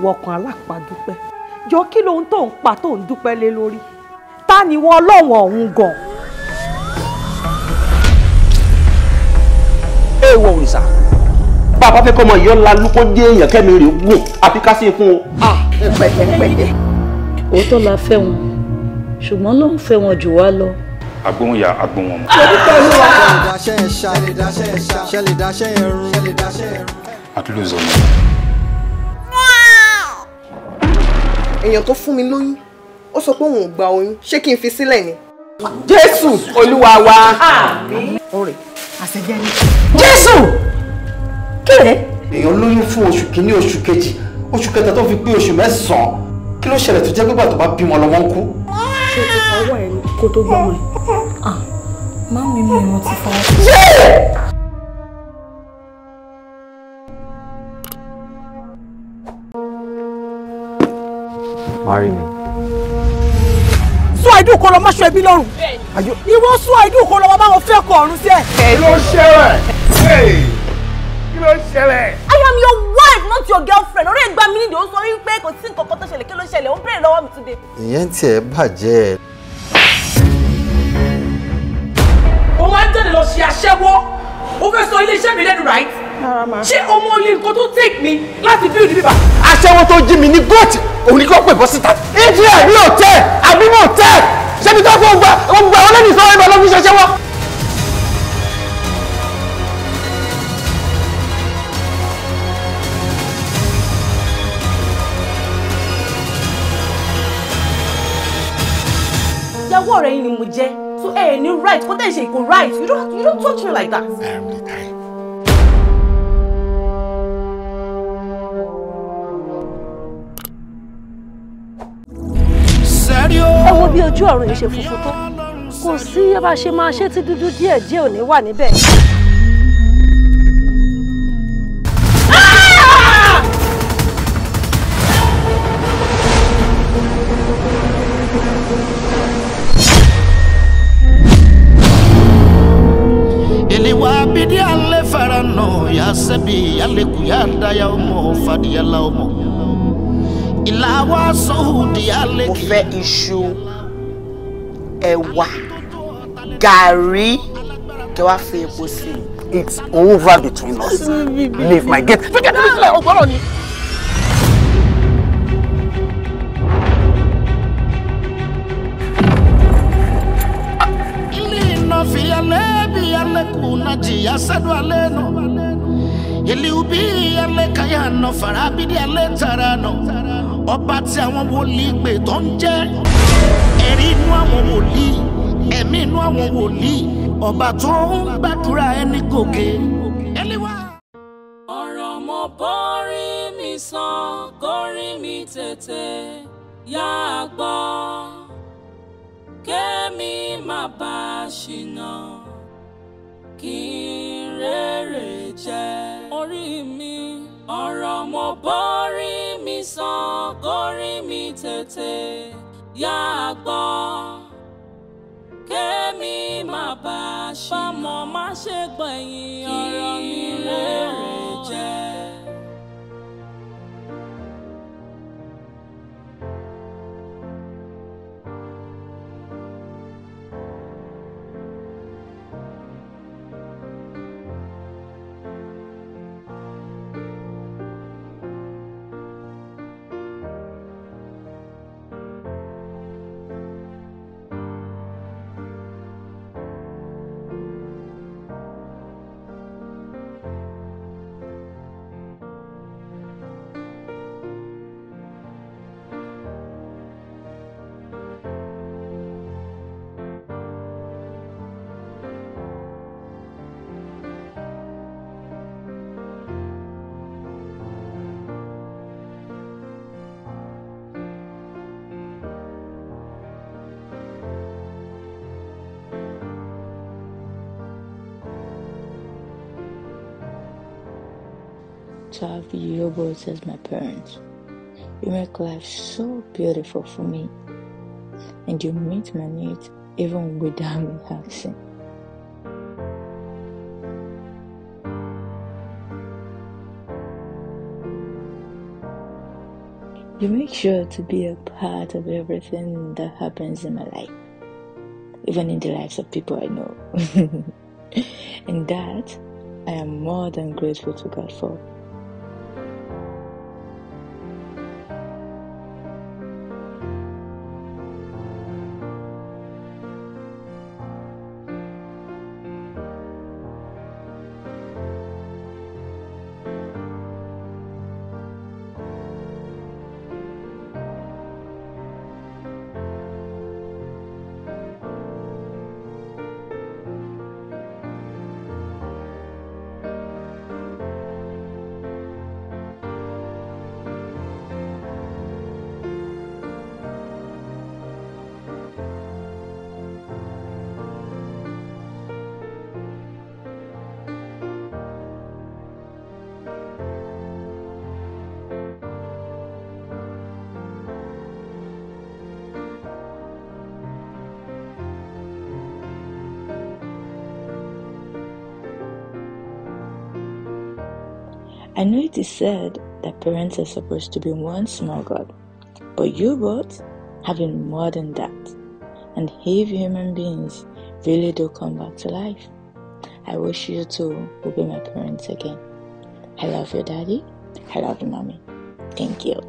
ìwọ ọkàn alápàdúpẹ́ jọ kí lohun tó ń pa tó ń dúpẹ́ lé lórí ta ni wọ́n ọlọ́wọ̀n ọ̀hún gan. ẹ wọ òrìṣà fẹ́ kọ́ ọmọ ìyọ́ ńlá lúkọ́ dé èèyàn kẹ́mi rè wò àfi ká sí fún o. òótọ́ la fẹ́ wọn ṣùgbọ́n ló ń fẹ́ wọn jù wá lọ agbóhùn ya agbóhùn ọmọ. àtúlù zọmọ. èèyàn tó fún mi lóyún ó sọ pé òun ò gba oyún ṣé kí n fi sílẹ̀ ni. jésù olúwa wa. ọ̀rẹ́ àṣẹjẹ ni. jésù kéde. èèyàn lóyún fún oṣù kìíní oṣù kejì oṣù kẹta tó fi pé oṣù mẹ́sàn-án kí ló ṣẹlẹ̀ tó jẹ́ pé bàtọ́ bá bímọ lọ́mọ ń kú. ṣé ah, o ti fọwọ́ ẹ̀ kó tó gbọ́mọ ẹ̀? máa mi mi ìrántí fọwọ́. marry me. sún àìdùn kan lọ má ṣe ẹbí lọ́rùn ìwọ sún àìdùn kan lọ má báwọn fẹ́ kọ ọ̀run sí ẹ. kí ló ṣẹlẹ̀ kí ló ṣẹlẹ̀. I am your wife not your girlfriend orí ẹgbàá mi nìdí ó sọ wípé kò sí nǹkan kan tó ṣẹlẹ̀ kí ló ṣẹlẹ̀ ó ń béèrè lọ́wọ́ mi today. ìyẹn tiẹ̀ bàjẹ́. òun á jáde lọ ṣe aṣẹ́wó ó fẹ́ sọ ilé iṣẹ́ mi lẹ́nu right ṣé ọmọ olè nǹkan tó take mi láti bí òní bíbá. aṣẹ́wó tó jí mi ní goat òun ni kò pè bọ́ síta. adrian ní hotel àbí motel ṣébi tó fún gba gbogbo àwọn lẹ́yìn sọ́wọ́ ibà ló fi ṣẹṣẹ́ wọ́. ìyàwó rẹ̀ yìí ni mo jẹ́ so ẹ ní right kó tẹ̀ ṣe kò right you don't you don't touch me like that. ẹ wo bí ojú ọ̀run yìí ṣe funfun tó kò sí bá ṣe máa ṣe tí dúdú díẹ̀ díẹ̀ ò ní wà níbẹ̀. fara yalekuya daya o fadiyala o mo fẹ́ iṣu ẹ̀wà gàrí kí wàá fi epo sí i. It's over between us. Leave my gate. Fẹ́kẹ́ níbi sílẹ̀ ọgbọ́rọ̀ ni. fi ubi ale kaya no farabi ale tara no ọba tí àwọn wòlíì pè tó ń jẹ́ ẹ̀rí inú àwọn wòlíì ẹ̀mí inú àwọn wòlíì ọba tó ń gbàdúrà ẹni gòkè ẹlẹ́wà. ọ̀rọ̀ mo bọ́rí mi sàn kórí mi tètè yá a gbọ́ kémi má bá a ṣìnà kí n rere jẹ orí mi ọ̀rọ̀ mo bọ́rí sàn kórí mi tètè yá a gbọ́. kémi má bàa ṣì mọ̀ má ṣe gbẹ̀yìn ọ̀rọ̀ mi rèé. serve you both as my parents. You make life so beautiful for me, and you meet my needs even without me asking. You make sure to be a part of everything that happens in my life, even in the lives of people I know. and that I am more than grateful to God for. know it is said that parents are supposed to be one small God, but you both have been more than that. And if human beings really do come back to life, I wish you two will be my parents again. I love your Daddy. I love your Mommy. Thank you.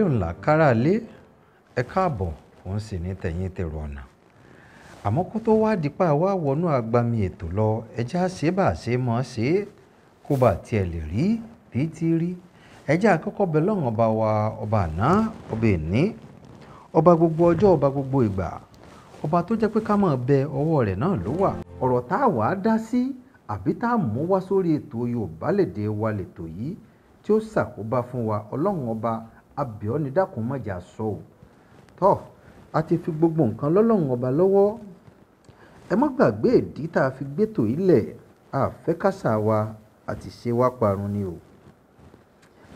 eléyìí ńlá káràlé ẹ káàbọ̀ òun sì ní tẹ̀yìn tẹ̀rù ọ̀nà àmọ́ kó tó wá dípà wá wọnú agbami ètò lọ ẹjẹ́ àṣebà ṣe mọ̀ ṣe kó bá tiẹ̀ lè rí bí ti rí ẹjẹ́ àkọ́kọ́ bẹ lọ́rùn ọba wa ọba àná ọba èní ọba gbogbo ọjọ́ ọba gbogbo ìgbà ọba tó jẹ́ pé ká mọ̀ bẹ ọwọ́ rẹ̀ náà ló wà ọ̀rọ̀ tá a wà á dá sí àbí tá a mú wá sórí ètò Yorùbá Lèdè wa lètò yìí tí ó ṣàkóbá fún wa ọlọ́run ọba abíọ́ ní dákun mọ̀jà sọ ò tọ́ a ti fi gbogbo nǹkan lọ́lọ́run ọba lọ́wọ́ ẹ má gbàgbé ìdí tá a fi gbẹ́tò ilẹ̀ àfẹ́kásà wa àti ṣe wá parun ni o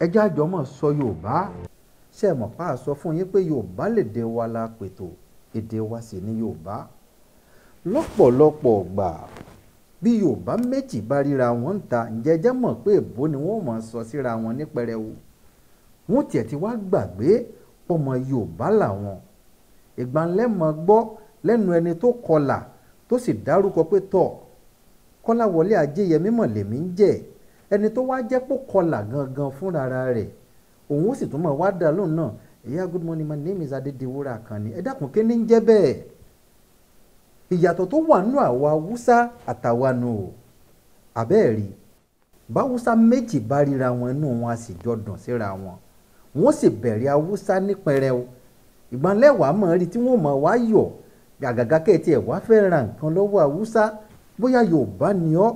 ẹ jẹ́ àjọ mọ̀ sọ Yorùbá ṣe mọ̀ pa àsọ fún yín pé Yorùbá lèdè wa la pètò èdè wa sì ni Yorùbá lọ́pọ̀lọpọ̀ gbà bí Yorùbá méjì bá ríra wọn ń ta ǹjẹ́ jẹ́ mọ̀ pé èbó ni wọ́n mọ̀ sọ síra wọn ní pẹrẹwu wọ́n tiẹ̀ ti wá gbàgbé pọmọ Yorùbá làwọn ìgbanlẹ́mọ̀ gbọ́ lẹ́nu ẹni tó kọlà tó sì dárúkọ pé tọ̀ Kọ́láwọlé Ajéyẹmí mọ̀lẹ́mí ń jẹ́ ẹni tó wá jẹ́ pò kọlà gangan fúnra rẹ̀ òun ó sì tún mọ̀ wá dà lóun náà ẹ̀yà good morning my name is Adédèwúrà Àkànní ẹ dákun kí ni ń jẹ́ bẹ́ẹ̀ ìyàtọ̀ tó wà nínú àwa Haúsá àtàwánu o àbẹ́ẹ̀ rí báwúsá méjì bá ríra wọn inú wọn a sì jọ dùn síra wọn wọ́n sì bẹ̀rẹ̀ haúsá ní pẹrẹu ìgbọ̀nlẹ́wàá mọ̀ rí tí wọ́n mọ̀ wá yọ̀ àgàgà kẹ́ẹ̀tì ẹ̀ wá fẹ́ ra nǹkan lọ́wọ́ haúsá bóyá yorùbá ni ọ́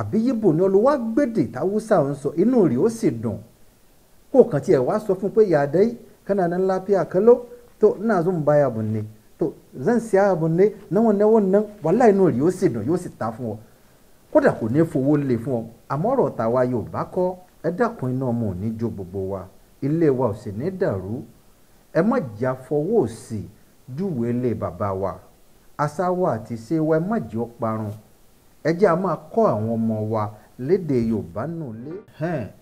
àbí yíbò ni olùwà gbèdè táwùsà ń sọ inú rẹ̀ ó sì dùn kó kàn tiẹ̀ wá sọ fún pé yàdá yìí kana nan lafiya kalo to ina zon baya bunne to zan siya abun ne na wannan wannan wallahi nori yóò sì dùn yóò sì ta fún ọ kódà kò ní fowó lè fún ọ àmọ́ ọ̀rọ̀ tàwa Yorùbá kọ́ ẹ dákun iná ọmọ ò jó gbogbo wa ilé wa ò sì ní dàrú ẹ má jà fọwọ́ òsì júwèé ilé bàbá wa àṣà wa àti ìṣe wa ẹ má jẹ́ ó parun ẹ jẹ́ a máa kọ́ àwọn ọmọ wa lédè Yorùbá nù lé.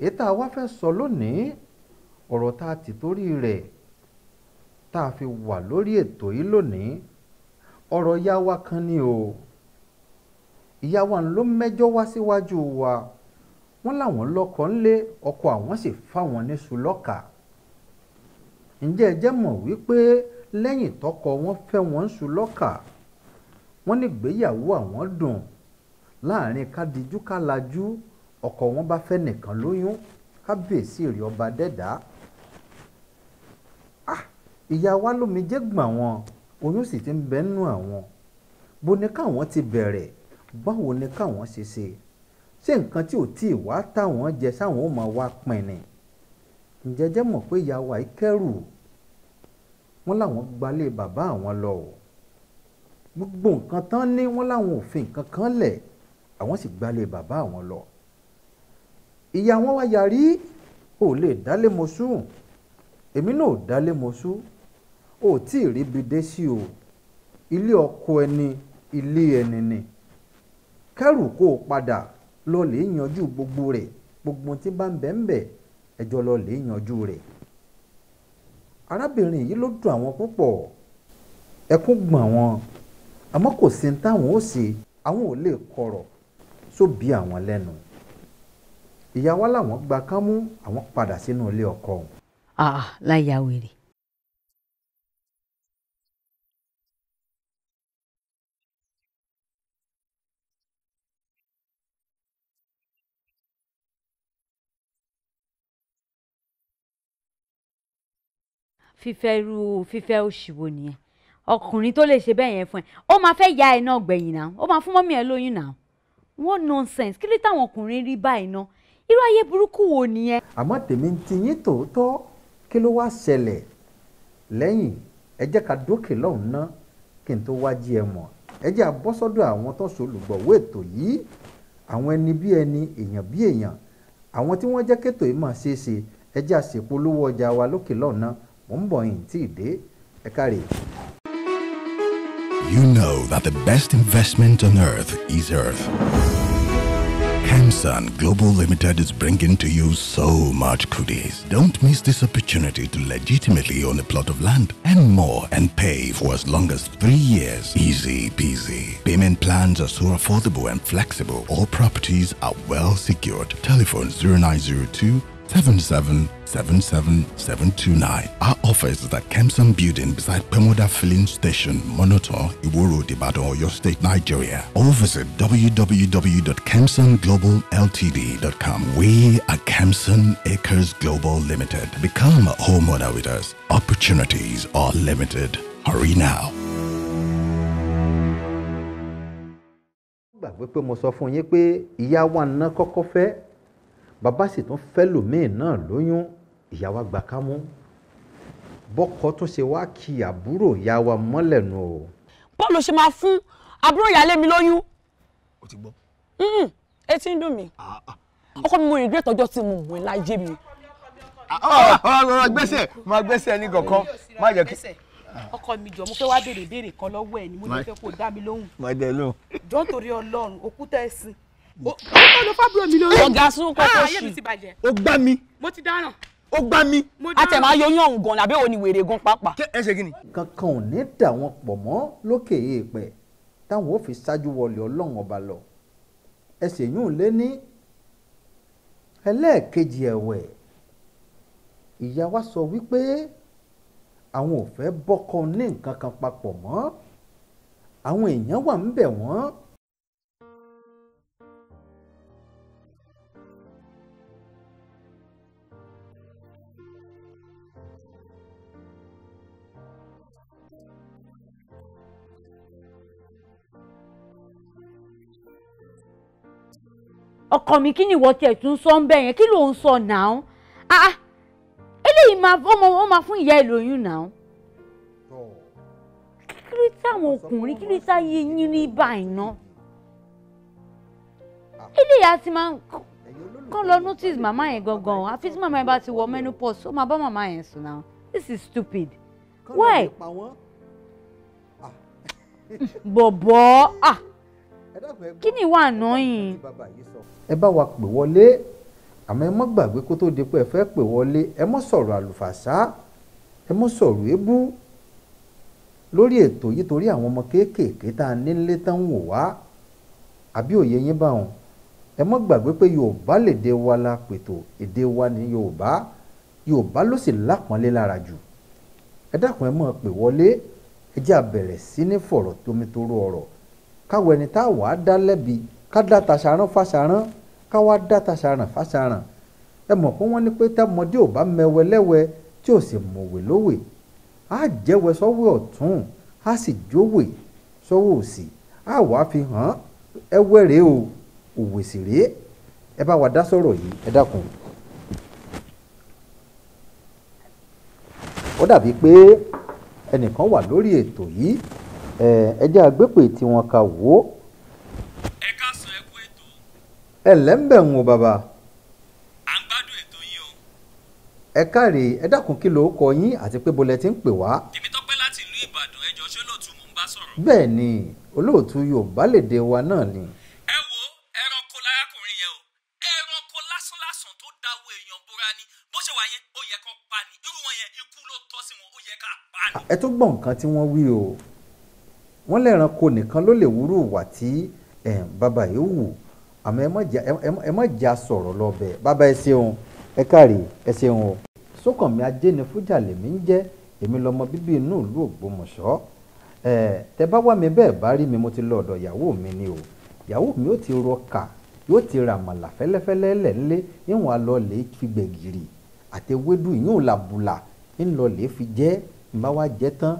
èyí tá a wá fẹ́ sọ lónìí ọ̀rọ̀ tá a ti torí rẹ̀ tá a fi wà lórí ètò yìí lónìí ọ̀rọ̀ ìyá wa kan ni o ìyá wa ló mẹ́jọ wá síwájú wa. Si wọ́n láwọn lọ́kọ ńlé ọkọ àwọn sì fáwọn níṣu lọ́kà ǹjẹ́ ẹ jẹ́ mọ̀ wípé lẹ́yìn tọkọ wọn fẹ́ wọn ṣu lọ́kà wọ́n nígbéyàwó àwọn dùn láàrin kádìjú kálajú ọkọ wọn bá fẹ́ nìkan lóyún kábíyèsí rẹ̀ ọba dẹ́dá ah, ìyá wa lómijé gbà wọn oyún sì ti ń bẹ́ẹ̀ nù àwọn bó ni káwọn ti bẹ̀rẹ̀ báwo ni káwọn ṣe ṣe ṣé nǹkan tí ò tí ì wá táwọn jẹ sáwọn ò mọ̀ wá pẹ̀nì ǹjẹ́jẹ́ mọ̀ pé ìyá wa ìkẹ́rù wọ́n láwọn gbalé bàbá àwọn lọ o gbogbo nǹkan tán ní wọ́n láwọn òfin nǹkan kan lẹ̀ àwọn sì gbalé bàbá àwọn lọ ìyá wọn wá yarí ò lè dálé mo sùn èmi náà ò dálé mo sùn ò tí ì ríbi dé sí o ilé ọkọ ẹni ilé ẹni ni kẹ́rù kó o padà lọ lè yanjú gbogbo rẹ̀ gbogbo tí bá ń bẹ̀ ń bẹ̀ ẹjọ́ lọ lè yanjú rẹ̀. arábìnrin yìí ló dùn àwọn púpọ̀ ẹkún gbọ̀n wọn àmọ́ kò sí táwọn ó ṣe àwọn ò lè kọ̀rọ̀ sóbì àwọn lẹ́nu ìyá wa làwọn gba kámú àwọn padà sínú ilé ọkọ àà ah, láyà wèrè fífẹ́ irú fífẹ́ òṣì wo nìyẹn ọkùnrin tó lè ṣe bẹ́ẹ̀ yẹn fún ẹ ó máa fẹ́ ya ẹ náà gbẹ̀yìn náà ó máa fún mọ́mí ẹ lóyún náà what nonsense kí ló táwọn ọkùnrin rí báyìí náà irú ayé burúkú wo nìyẹn. àmọ́ tèmi ń ti yín tòótọ́ kí ló wá ṣẹlẹ̀ lẹ́yìn ẹ jẹ́ ká dókè lọ́hùn ná kí n tó wá jí ẹ mọ̀ ẹ jẹ́ àbọ́ sọ́dọ̀ àwọn tó ṣolùgbọ̀wọ́ ètò yìí àwọn ẹni bí ẹni èèyàn bí èèyàn àwọn tí wọ́n jẹ́ kétò yìí máa ṣeé ẹ jẹ́ àṣepolówó ọjà wa lókè lọ́hùn náà You know that the best investment on earth is earth. Samsung Global Limited is bringing to you so much goodies. Don't miss this opportunity to legitimately own a plot of land and more and pay for as long as three years. Easy peasy. Payment plans are so affordable and flexible. All properties are well secured. Telephone 0902 77 77729. Our office is at Kemson Building beside Pemoda Filling Station, Monitor Iwo Road, Ibadan, Oyo State, Nigeria. Or visit www.kemsonglobalLtd.com. We are Kemson Acres Global Limited. Become a homeowner with us. Opportunities are limited. Hurry now. gbàgbé pé mo sọ fún yín pé ìyá wa náà kọ́kọ́ fẹ́ bàbá sì tún fẹ́ lòmíì náà lóyún ìyá wa gbà ká mú bọ́kọ tún ṣe wá kí àbúrò ìyá wa mọ́lẹ̀ nù o. bọ́ọ̀lù ṣe máa fún àbúrò ìyáálé mi lóyún. o ti gbọ́. etí ń dùn mí ah, ah. ọkọ mi mo regret ọjọ́ tí mo mọ̀ ẹ́ láyé mi. ọ̀rọ̀ ah, gbẹ́sẹ̀ máa gbẹ́sẹ̀ ní kọ̀ọ̀kan má jẹ́ kí ọkọ mi jọ mo fẹ́ wá béèrè béèrè kan lọ́wọ́ ẹ̀ ni mo ní fẹ́ kó dá mi lóhùn. má dẹ lóhùn. jọ́n torí ọlọ́run òkúta ẹ̀sìn. ó kọ́ ló fábùrọ̀ mi lórí. ọ̀gá sún kọ́kọ́ sí. ó gbá mi. mo ti dáràn ó gbá mi. àtẹ̀mọ́ ayoyún ọ̀hún gan làbẹ́ òní wèrè gan pàápàá. ẹ ṣe kíni. kankan ò ní dà wọn pọ̀ mọ́ lókè èèpẹ̀ táwọn ò fi ṣáájú wọlé ọlọ́run ọba lọ ẹsẹ̀ yún lé ní ẹlẹ́ẹ̀kejì ẹ̀wẹ̀ ìyá wa sọ wípé àwọn ò fẹ́ bọ́kọ ní nǹkan kan papọ̀ mọ́ àwọn èèyàn wà ń bẹ̀ wọ́n ọkọ mi kí ni ìwọ tiẹ̀ tún sọ ń bẹ̀ yẹn kí ló ń sọ náà ah, ah eléyìí máa ọmọ wọn máa fún ìyá ẹ lóyún náà kí ló táwọn ọkùnrin kí ló táyé yín ní báyìí náà eléyìí á ti máa kàn lọ notice màmá yẹn gangan àfi tí màmá yẹn bá ti wọ menopause ó máa bá màmá yẹn sùn náà this is stupid why bọ̀bọ̀ ah kí ni ìwà àná yìí. ẹ bá wa pè wọlé àmọ́ ẹ mọ́ gbàgbé kó tó di pé ẹ fẹ́ pè wọlé ẹ mọ́ sọ̀rọ̀ àlùfàṣá ẹ mọ́ sọ̀rọ̀ èébú lórí ètò yìí torí àwọn ọmọ kéékèèké tá a nílé tán ń wò wá àbí òye yín bá wọn ẹ mọ́ gbàgbé pé yorùbá lèdè wa la pètò èdè wa ní yorùbá yorùbá ló sì lápọ́nlé lára jù ẹ dákun ẹ mọ̀ pè wọlé ẹ jẹ́ a sí ní fọ̀rọ̀ tómi tóró káwọn ẹni tá a wàá dá lẹ́bi ká dá tàṣàrán fàṣàrán ká wá dá tàṣàrán fàṣàrán ẹ mọ̀ pé wọ́n ní pé tẹ́mọdé ò bá mẹwẹ lẹ́wẹ tí ò sì mọ̀wé lówè á jẹ́wẹ́ sọ́wọ́ ọ̀tún á sì jówè sọ́wọ́ òsì á wàá fi hàn ẹwẹ́ rèé o òwè sì rèé ẹ bá wa dá sọ̀rọ̀ yìí ẹ dákun. ó dàbí pé ẹnìkan wà lórí ètò yìí ẹ jẹ́ àgbépè tí wọ́n kà wò ó. ẹ ká sọ ẹ kú ètò. ẹ lẹ́ńbẹ̀ ń wo bàbá. à ń gbádùn ètò yín o. ẹ káre ẹ dákun kí ló kọ yín àti pé bolẹ ti ń pè wá. tèmi tọ́pẹ́ láti ìlú ìbàdàn ẹjọ́ ṣé lóòtú mò ń bá sọ̀rọ̀. bẹ́ẹ̀ ni olóòtú yorùbá lèdè wa náà ni. ẹ wo ẹranko lárakùnrin yẹn o ẹranko lásánlásán tó dáwọ èèyàn bóra ni bó ṣe wà yẹn ó yẹ kó pa ni irú wọn yẹn ikú ló tọ́ sí wọn ó yẹ ká pa ni. ẹ tó gbọ́ wọ́n lẹ́ranko nìkan ló lè wúrú wà tí bàbá yìí wù àmọ́ ẹ má jà sọ̀rọ̀ lọ́bẹ̀ bàbá ẹ ṣeun ẹ kárí ẹ ṣeun o. Sókànmí Ajénifújà lèmi ń jẹ́ èmi lọ́mọ bíbí inú ìlú Ògbómọ̀ṣọ́ ẹ tẹ bá wà mí bẹ́ẹ̀ bá rí mi mo ti lọ ọ̀dọ̀ ìyàwó mi ni o ìyàwó mi ó ti rọ kà yóò ti ra àmàlà fẹ́lẹ́fẹ́lẹ́ lẹ́ńlẹ́ níwọ̀n alọ́ọ̀lẹ́ fi gbẹ̀gìrì àtẹwédú ìyóò làbùlà ńlọ́ọ̀lẹ́ fi jẹ́ ìmáwá jẹ́ tán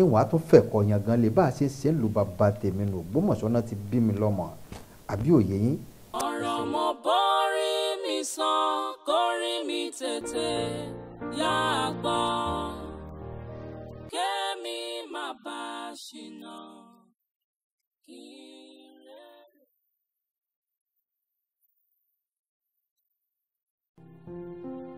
ìwọ̀n á tún fẹ̀kọ̀ yàn gan lè bá a ṣe ṣe ń lu bàbá tèmi nù Ògbómọ̀ṣọ́ náà ti bí mi lọ́mọ àbí òye yín. ọ̀rọ̀ mo bórí mi sàn kórí mi tètè yá a gbọ́ kémi má bá a ṣìnà kí thank you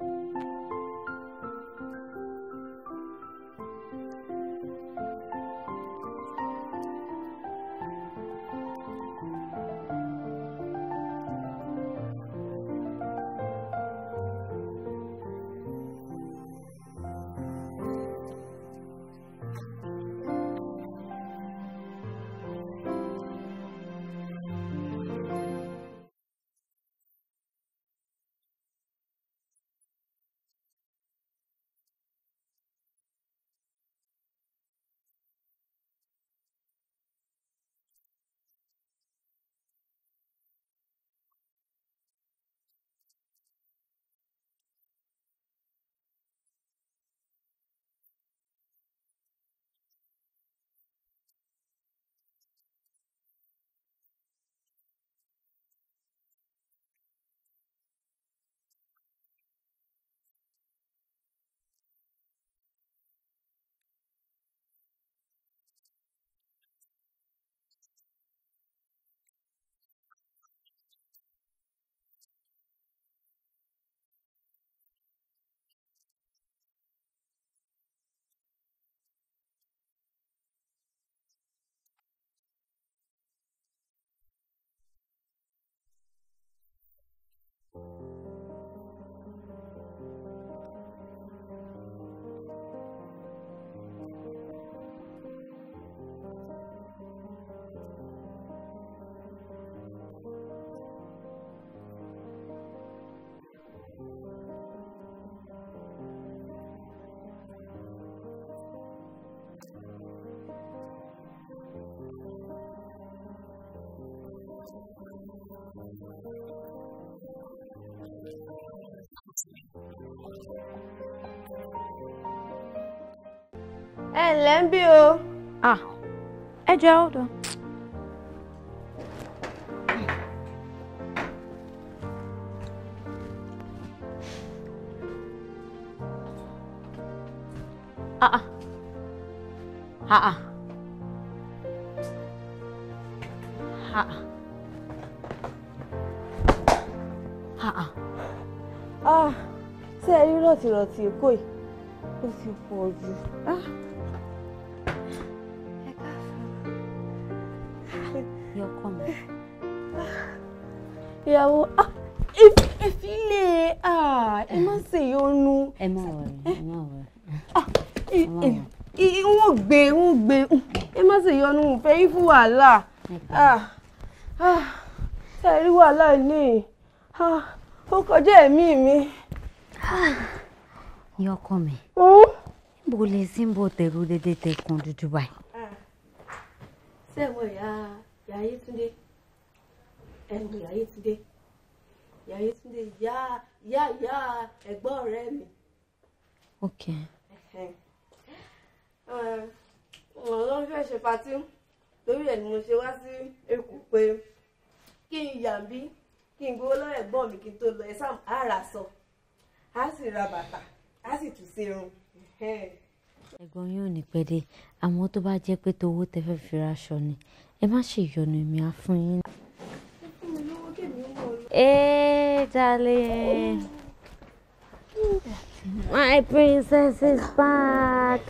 ẹ ǹlẹ́ ń bí o. ẹ jẹ́ hold Ah ah. Ah ah. Ah ah. Ah ah. Ah, ṣé ẹ rí rọ̀tìrọ̀tì èkó yìí? Ah. eu ti pọ̀ jù. ẹ káfọ́. yọkọ é ìyàwó ìfilẹ̀ ẹ má ṣe yọnu. ẹ má wọrẹ ẹ má wọrẹ. wọ́n gbé wọ́n gbé ẹ má ṣe yọnu fẹ́ ah fún wàhálà. ẹ rí wàhálà ilé ó kọjá ẹ̀mí mim Ah ní ọkọ mi níbo lè sí níbo tẹ̀rù dédé tẹ̀kùn dúdú báyìí. sẹ́wọ̀n ìyá Yayétúndé ẹ̀wọ̀n Yayétúndé Yayétúndé ìyá ìyá ìyá ẹ̀gbọ́n ọ̀rẹ́ mi. Okay. mo uh. ń fẹ́ ṣe patí lórí ẹ̀ ni mo ṣe wá sí Èkó pé kí n yà bí kí n gbowó mi kí n tó lọ ẹ̀ sáà á rà sọ ra bàtà á sì tún ṣerun. ẹ̀gbọ́n yóò ní pẹ́ àmọ́ tó bá jẹ́ pé tówó tẹ fẹ́ fi raṣọ ni ẹ má ṣe ìyọnu èmi á fún yín. Hey, darling. My princess is back.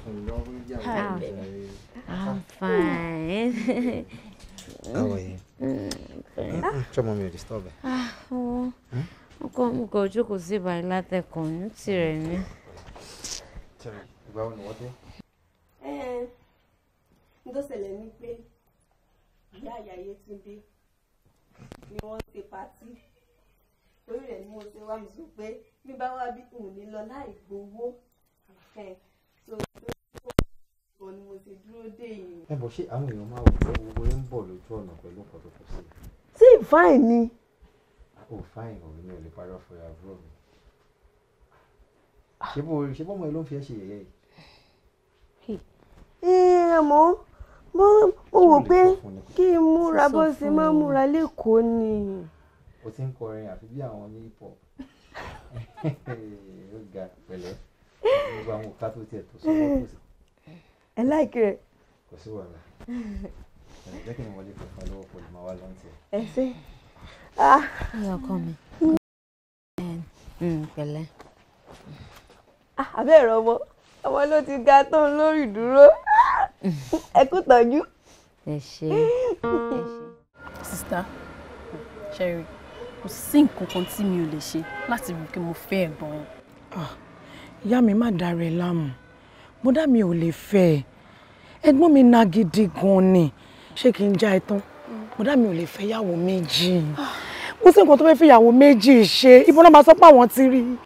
I'm fine. How are you? mi ò disturb ẹ. Ọkọ mi kò jókòó sí ìbàlẹ̀ látẹ̀kọ̀ ní tirẹ̀ ni tẹ̀rì ìgbà wo ni wọ́n dé. n tó ṣẹlẹ̀ ni pé ìyá àyàyé ti bí ni wọ́n ṣe patí torí rẹ̀ ni mo ṣe wá mi sùn pé bí bá wá bí òun ní lọ láì gbowó so ìbọn ni mo ti dúró dé yìí. ẹ bọ̀ ṣé àwọn èèyàn máa wò ó ń bọ̀ lójú ọ̀nà pẹ̀lú ọ̀pọ̀ tó kù sí. sí fine ni. Ah, o oh, fine o mi ò lè parọ́ fún ìyàwó mi xivombo hi lo fi ẹ ṣe yẹ̀yẹ́ yìí. ẹ mọ mo wò um pé kí n múra bó ṣe máa ń múra lẹ́kọ̀ọ́ ni. o ti ń kọrin àfi bí àwọn ní hip hop ó ga pẹ̀lẹ́ gbogbo àwọn òkà tó tiẹ̀ tó sọ́wọ́ tó sì. ẹ láìkí rẹ. kò sí wàhálà jẹ́ kí n wọlé kankan lọ́wọ́ pẹ̀lú màá wá lọ́ntì. ẹ ṣe. ẹ ọkọ mi mm. Mm, pẹ̀lẹ́ àbẹ̀rẹ̀ ah, ọmọ ọmọ ló ti ga tó ń lórí dúró ah, ẹ kú tọ́jú. ẹ ṣe ẹ ṣe. sista Sherry kò sí nǹkan kan tí mi ò lè ṣe láti rí i pé mo fẹ́ ẹ̀gbọ́n yẹn. Ah, ìyá mi má dára ẹ láàmú bọ́dá mi ò lè fẹ́ ẹ ẹ̀gbọ́n mi na gidi gan ni ṣé kí n já ẹ tán bọ́dá mi ò lè fẹ́ yàwó méjì mo sì nǹkan tó fẹ́ fi yàwó méjì ṣe ibo náà máa sọ pé àwọn ti rí i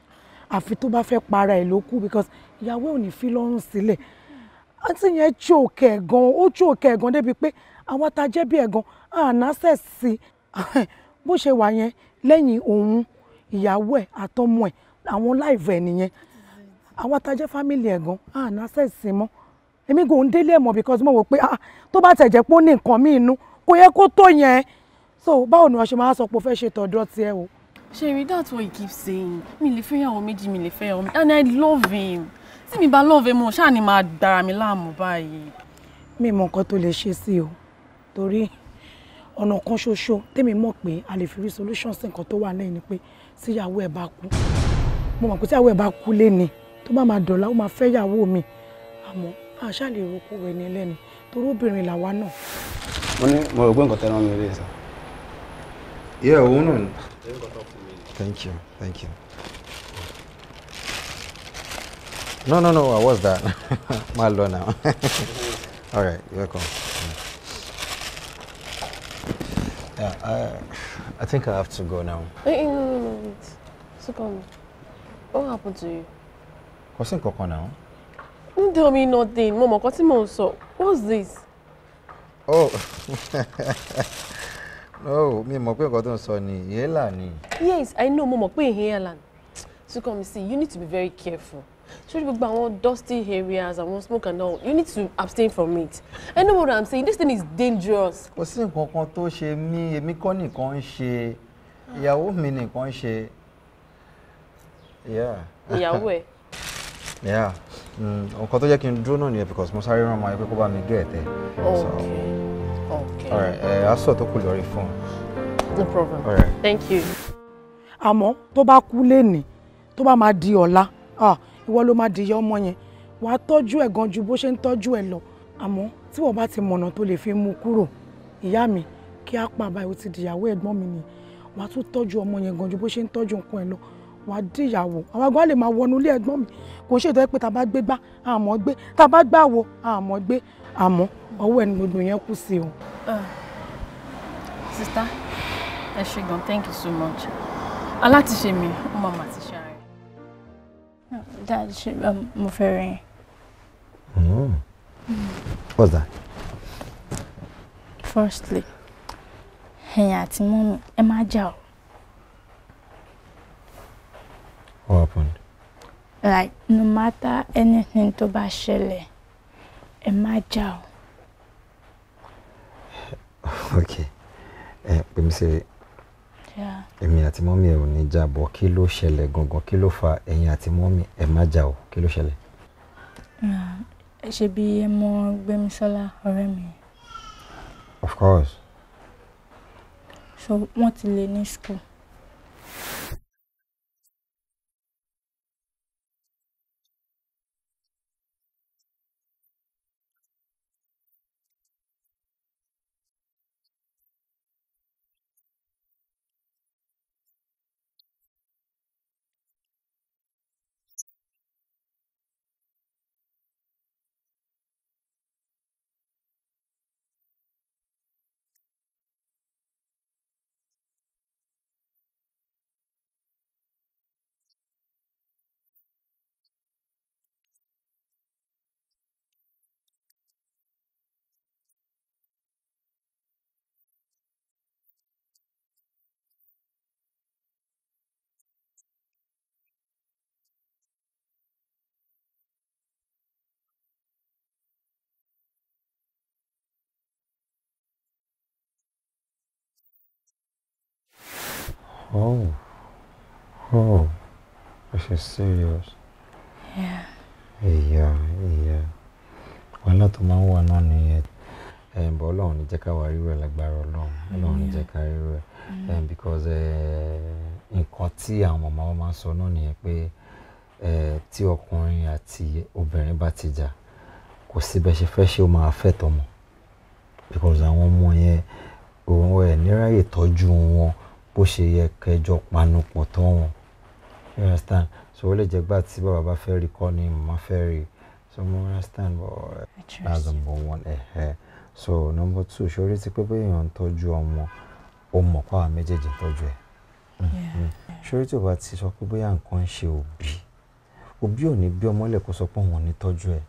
àfi tó bá fẹ́ para ẹ̀ ló kù because ìyàwó ò ní fi lọ́rùn sílẹ̀ àǹtí yẹn chòkè ẹ̀gàn ó chòkè ẹ̀gàn débi pé àwọn atajẹ́ bí ẹ̀gàn ànásẹ̀ sí bó ṣe wà yẹn lẹ́yìn òun ìyàwó ẹ̀ àtọmọ ẹ̀ àwọn láìvẹ̀ nìyẹn àwọn atajẹ́ fámìlì ẹ̀gàn ànásẹ̀ sí mọ́ èmi kò ń délé ẹ̀ mọ́ because mo wò pé ah, tó bá tẹ̀jẹ̀ pé ó ní nǹkan mí inú kò yẹ kó tó yẹn so báwo ni wọ́n ṣe máa sọ pé o fẹ́ ṣe tọ̀dọ̀ tiẹ̀ o Sherry, that's what he keeps saying. Me lè fẹ́yàwó méjì, me lè fẹ́yàwó méjì. And I love him. See, me bá love him, ṣáà ni máa dára mi láàmú báyìí. Mi mọ nǹkan tó lè ṣe sí o. Torí ọ̀nà kan ṣoṣo tèmi mọ̀ pé a lè fi solution sí nǹkan tó wà lẹ́yìn ni pé tíyàwó ẹ̀ bá kú. Mo mọ̀ pé tíyàwó ẹ̀ bá kú léni tó bá máa dọ̀la ó máa fẹ́yàwó mi. Àmọ́ àṣà lè roko wẹ̀ ní lẹ́ni torí la làwa náà. Mo ní mo rò pé nǹkan tẹ́ran mi Thank you. Thank you. No, no, no. I was that. My lord now. All right. you're Welcome. Yeah, I, I think I have to go now. Wait, no, no, no, wait. Superman, what happened to you? Kò sí nǹkan now. Don't tell me nothing. Mama. mọ nǹkan What's this? Oh. Oh, me mọ̀ pé nǹkan tó ń ni ìhélà ni. yes i know mo mọ̀ pé ìhélà so come see you need to be very careful ṣé gbogbo àwọn dusty areas àwọn smoke and all you need to abstain from it i know what i'm saying this thing is dangerous. kò sí nǹkan kan tó ṣe mí èmi kọ́ nìkan ń ṣe ìyàwó mi nìkan ń ṣe. ìyàwó ẹ. Mm, nǹkan tó jẹ́ kí n dúró náà nìyẹn because mo sáré rán ọmọ ẹgbẹ́ kó bá mi gé ẹ̀tẹ̀. okay. So, mm. Okay. All right, ẹ á to tó kù lórí No problem. All right. Thank you. Àmọ́ to ba kú lénìí tó bá máa di ọ̀la ah, ìwọ ló máa di ìyá ọmọ yẹn wàá tọ́jú ẹ̀ gan ju bó ṣe ń tọ́jú ẹ̀ lọ àmọ́ tí wọ́n bá ti mọ̀nà tó lè fi mú kúrò ìyá mi kí á pa àbáyọ ti dìyàwó ẹ̀gbọ́n mi nìyí wàá tún tọ́jú ọmọ yẹn gan ju bó ṣe ń tọ́jú nǹkan ẹ̀ lọ wàá dìyàwó àwọn àgbà lè máa wọnú ilé ẹ̀gbọ́n mi kò ń ṣètò ẹ pé tá a bá gbé gbá àmọ́ gbé tá a bá gbá wo àmọ́ gbé àmọ́ ọwọ́ ẹni gbogbo yẹn kù sí o. Ah. sista ẹ ṣe gan thank you so much alátiṣe mi ó máa máa ti ṣe ara dad ṣe um, mo fẹ́ rẹ̀ yẹn. Hmm. what's that. firstly ẹ̀yin àti mọ́mí ẹ má jà o. what happened. like no matter anything tó bá ṣẹlẹ̀ ẹ má jà o okay ẹ pè mí sí èmi àti mọ́mí ẹ ò ní jà bọ̀ kí ló ṣẹlẹ̀ gangan kí ló fa ẹ̀yin àti mọ́mí ẹ má jà o kí ló ṣẹlẹ̀. ẹ ṣe bí ẹ mọ Gbémisọ́lá ọ̀rẹ́ mi. of course. so wọ́n ti lè ní school. Oh. Oh. This is serious. Yeah. Yeah, ìyá. Wàhálà tó máa ń wà náà nìyẹn. Ẹ̀yìn bọ́ Ọlọ́run ní jẹ́ ká wà rírú ẹ̀ lágbára Alone. Ọlọ́run ní jẹ́ ká rírú ẹ̀. Mm. Because nǹkan tí àwọn màmá a mama so no, náà nìyẹn pé tí ọkùnrin àti obìnrin bá ti jà kò sí bẹ́ẹ̀ ṣe fẹ́ ṣe ó máa fẹ́ tọmọ. Because àwọn ọmọ yẹn òun ẹ̀ níráyè tọ́jú wọn bó ṣe yẹ kẹjọ panupọ̀ tọ́ wọn you understand so ó lè jẹ́ gbà tí bàbá bá fẹ́ rí kọ́ ni màmá fẹ́ rí so mo understand but uh, that's number one ẹ̀hẹ́ so number two ṣorí ti pé bẹ́ẹ̀ yàn ń tọ́jú ọmọ ó mọ̀ pàwọ́ méjèèjì tọ́jú ẹ̀ mm-hmm. ṣorí tí o bá ti sọ pé bóyá nǹkan ń ṣe òbí òbí ò ní bí ọmọ lè kó sọ pé òun ò ní tọ́jú ẹ̀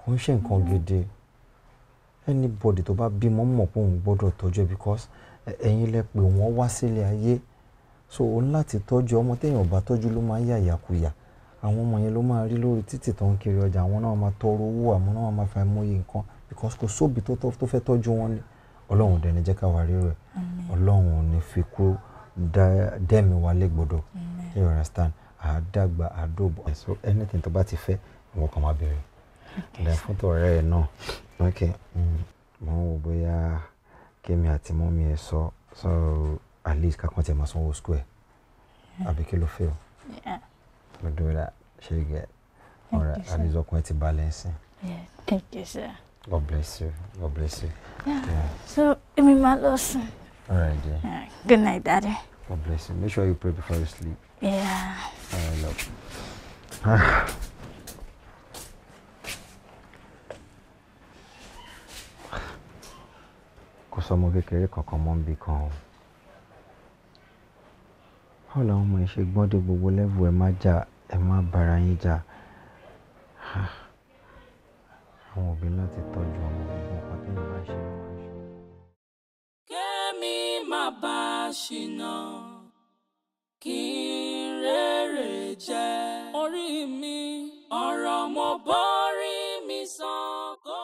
kò ń ṣe nǹkan mm. gidi anybody tó bá bímọ mọ̀ pé òun gbọ́dọ̀ tọ́jú ẹ̀ because ẹ̀yin lẹ pè wọ́n wá sílé ayé so o ní láti tọ́jú ọmọ téèyàn ò bá tọ́jú ló máa ń yà yàkuyà àwọn ọmọ yẹn ló máa rí lórí títì tó ń kiri ọjà àwọn náà máa tọrọ owó àwọn náà máa fa ẹmọye nǹkan because kò sóbi tó fẹ́ tọ́jú wọn ni ọlọ́run dẹ̀ ní jẹ́ ká wà rí rẹ̀ ọlọ́run ò ní fi kú dẹ́mi wa légbodò you understand àádágba àádóbò so anything tó bá ti fẹ́ ìwọ kan máa bẹ̀rẹ̀ lẹ́fún tó ọ̀rẹ́ ẹ̀ náà ok mo mm. ń wò bóyá kémi àti mọ́mí ẹ sọ so at least kákan tiẹ̀ máa sanwó school ẹ̀ àbí kí ló fẹ́ o. we do that ṣe gẹ ọ̀rẹ́ at least ọkùnrin ti balẹ̀ sí. thank you sir. God bless you. God bless you. Yeah. yeah. So, Emi Malosin. All right, dear. Yeah. Good night, Daddy. God bless you. Make sure you pray before you sleep. Yeah. All love. kò sọmọ kékeré kankan mọ́ níbi kan o. Báwo làwọn ọmọ yìí ṣe gbọ́n dé gbogbo level ẹ má jà, ẹ má bára yín jà. Àwọn òbí ńlá tọ́jú ọmọ gbogbo nǹkan tí èèyàn bá ṣe máa ṣe. Kẹ́mi má bá ṣìnà kí rere jẹ orí mi ọ̀rọ̀ mo bọ́rí mi sàn kó.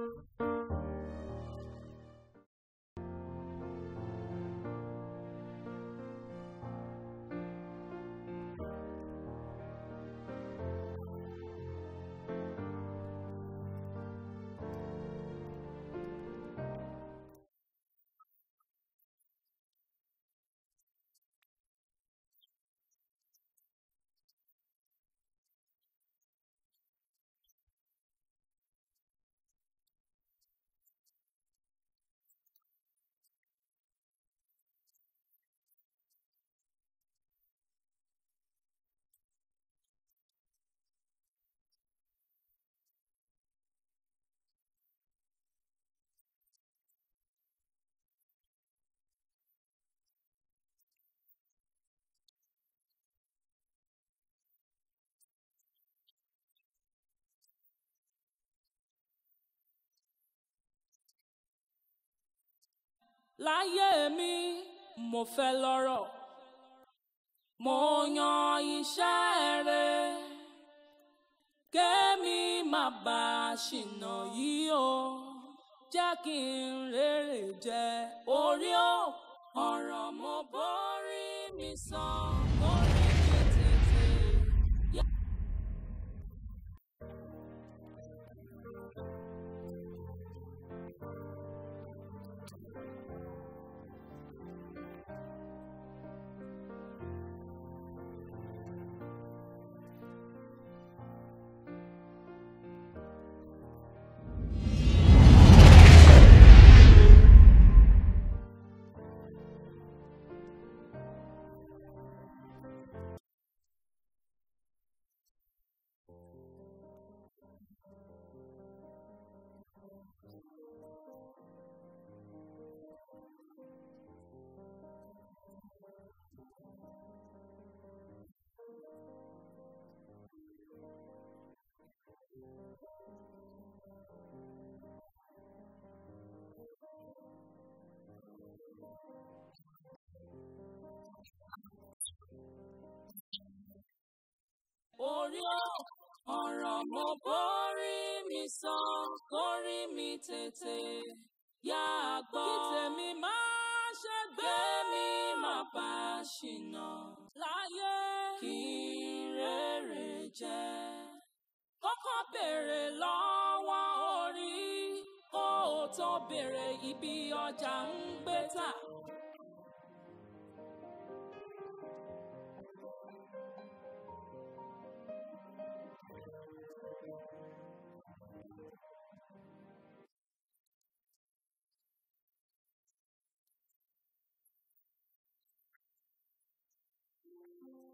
láyé mi mo fẹ́ lọ́rọ̀ mo yan iṣẹ́ rere kémi má bà ṣìnà yìí o jẹ́ kí n rere jẹ orí o ọ̀rọ̀ mo borí mi sàn. borí o. Ọ̀rọ̀ mo borí mi sọ, kórí mi tètè yá a gbọ́. Kí tèmi máa ṣe gbé mi máa bá a ṣìnà láyé. Kí n rere jẹ́. Kọ́kọ́ béèrè lọ́wọ́ orí kó o tó béèrè ibi ọjà ń gbé tà.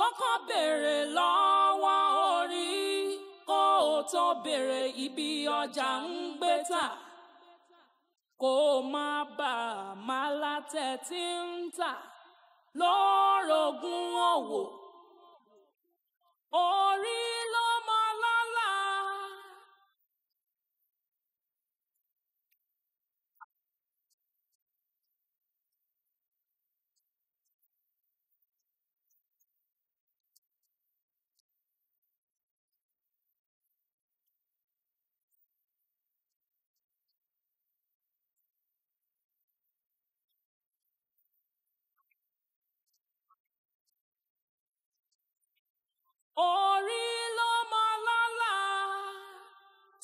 kọ́kọ́ béèrè lọ́wọ́ orí kó o tó béèrè ibi ọjà ń gbé tà kó o má bàa má látẹ̀ tí ń tà lórogún òwò orí.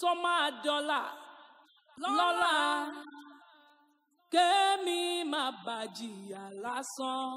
tó máa dọ́là lọ́la kémi má bàjìyà lásán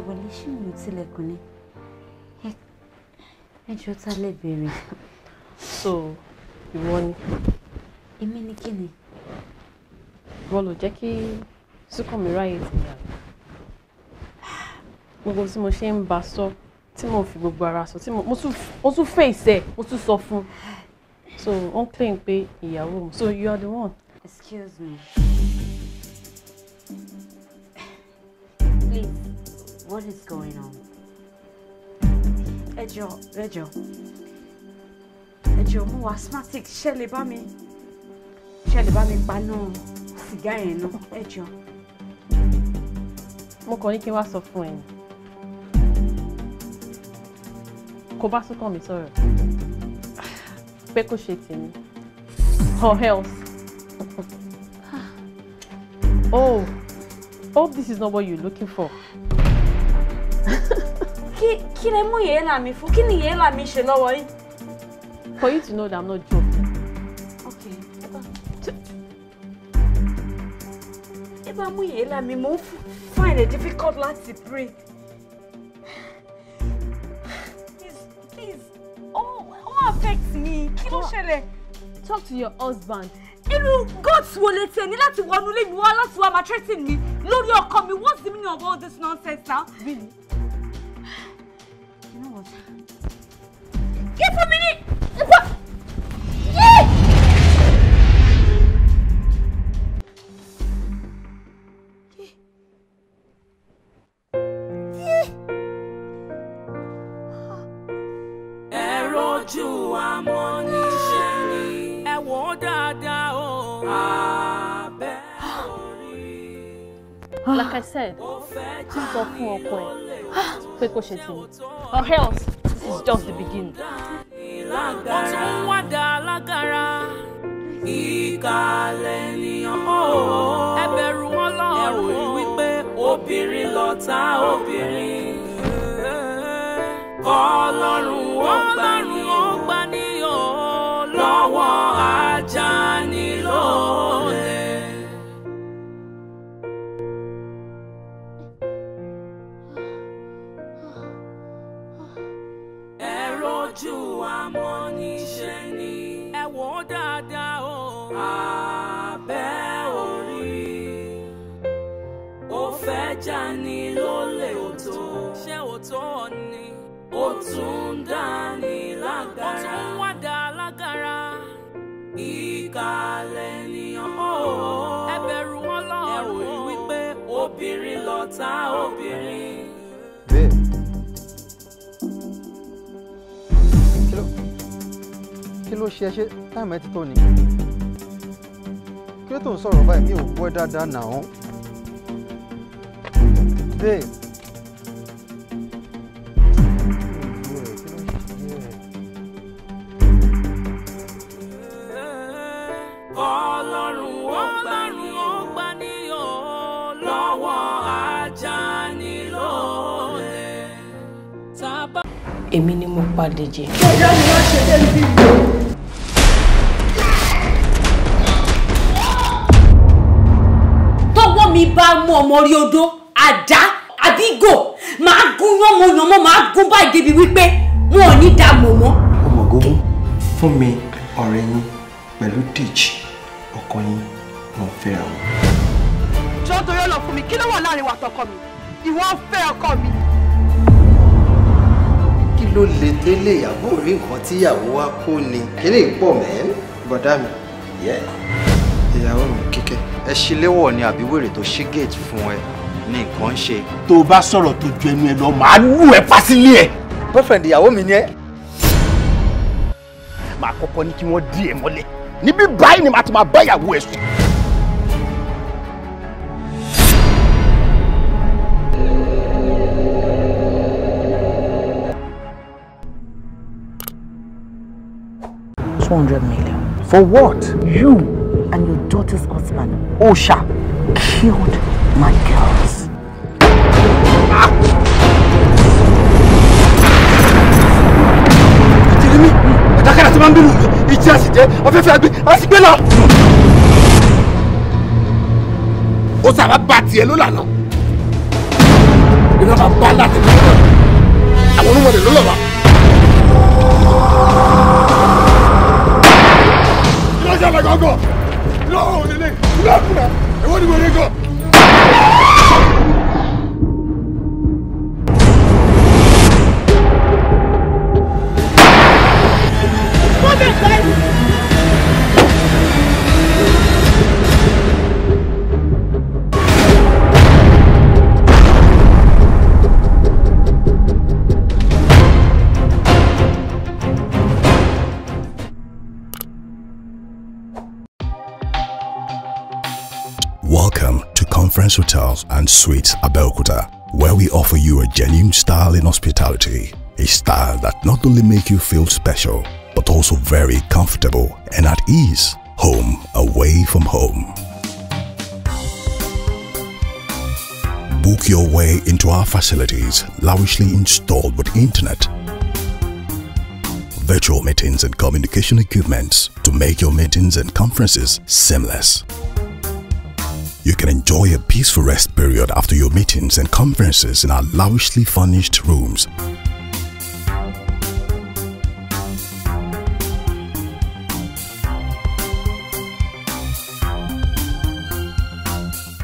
ṣe wọlé ṣé òun tilẹ̀kùn ni ẹ ta lè béèrè. so ìwọ ni. èmi ni kí ni. ìwọ jẹ́ kí Súnkànmí ráyè ti yà gbogbo tí mo ṣe ń bá sọ tí mo fi gbogbo ara sọ tí mo tún fèsì ẹ̀ mo tún sọ fún un so ó claim pé ìyàwó mi so you are the one. excuse me. please. What is going on? Ẹ jọ̀ọ́, ẹ jọ̀ọ́, mo asthmatic ṣe lè bá mi ṣe lè bá mi paná sìgá yẹn náà ẹ jọ̀ọ́. Mo kàn ní kí n wá sọ fún ẹ ni. Kò bá tún kàn mí sọ̀rọ̀ pé kó ṣe or else. Oh, hope this is not what you're looking for kí lẹ mú ìyẹ́là mi fún kí ni ìyẹ́là mi ṣe lọ́wọ́ yìí. For you to know that I'm not joking. Okay. ẹ bá mú ìyẹ́là mi mo find it difficult láti breathe. Please, please, oh, oh affect me kí ló Talk to your husband. Irú goats wo lè tẹ̀ ní láti wọnú ilé mi wá láti wá máa threaten mi lórí ọkọ mi what's the meaning of all this nonsense now? Really? Ah. Like I said, please offer up when. Quick question to me. Or else, this is just the beginning. ọ̀tún nwa dà lágara. ìkàlẹ̀ ènìyàn ọ̀ọ́ ẹ bẹ̀rù Ọlọ́run ẹ tún dá ní lágara. Ó tún wá dá lágara. Ìkàlẹ̀ nìyàn. Ẹ bẹ̀rù Ọlọ́run. Ẹ wòye wípé obìnrin lọ̀tá obìnrin. kí ló ṣe ṣe táìmù ẹ ti tó ni kí ló tó ń sọ̀rọ̀ báyìí mi ò gbọ́ dáadáa nà án. babe pa Dèjì. bóyá ni wọ́n ṣe dé ibi ìlú. tọ́wọ́ mi bá mú ọmọ orí odó àdá àbí gò máa gún yánmọ́yánmọ́ máa gún báyìí débi wípé wọn ò ní dá mọ̀ mọ́. ọmọ gógún fún mi ọ̀rẹ́ yín pẹ̀lú Dèjì ọkọ yín mo fẹ́ràn. jọ́dọ̀ yóò lọ fún mi kí ló wà láàrin wa mi ìwọ fẹ́ ọkọ mi ló lè délé ìyàwó rí nǹkan tí ìyàwó wa kó ni kíní pọ̀ mẹ́. bọ̀dá mi ìyàwó mi kíkẹ́. ẹ ṣíléwọ̀ ni àbí wèrè tó ṣí gate fún ẹ ní nǹkan ṣe. tó o bá sọ̀rọ̀ tó ju ẹnu ẹ lọ màá lù ẹ pásílẹ̀ ẹ. boyfriend ìyàwó mi ni ẹ. màá kọ́kọ́ ní kí wọ́n dí ẹ mọ́lẹ̀ níbí báyìí ni màá ti máa bá ìyàwó ẹ sùn. 200 million. For what? You and your daughter's husband, Osha, killed my girls. ó sábà bá tiẹ̀ ló lànà ìrọ̀lá bá láti lọ́wọ́ àwọn olùwọ̀n rẹ̀ ló lọ́wọ́. gọ́gọ́ lọ́wọ́ òlélẹ̀ lọ́kùnrin èwo ni mo rí gan. Suites Abelkuta, where we offer you a genuine style in hospitality. A style that not only make you feel special, but also very comfortable and at ease. Home away from home. Book your way into our facilities, lavishly installed with internet, virtual meetings and communication equipment to make your meetings and conferences seamless. You can enjoy a peaceful rest period after your meetings and conferences in our lavishly furnished rooms.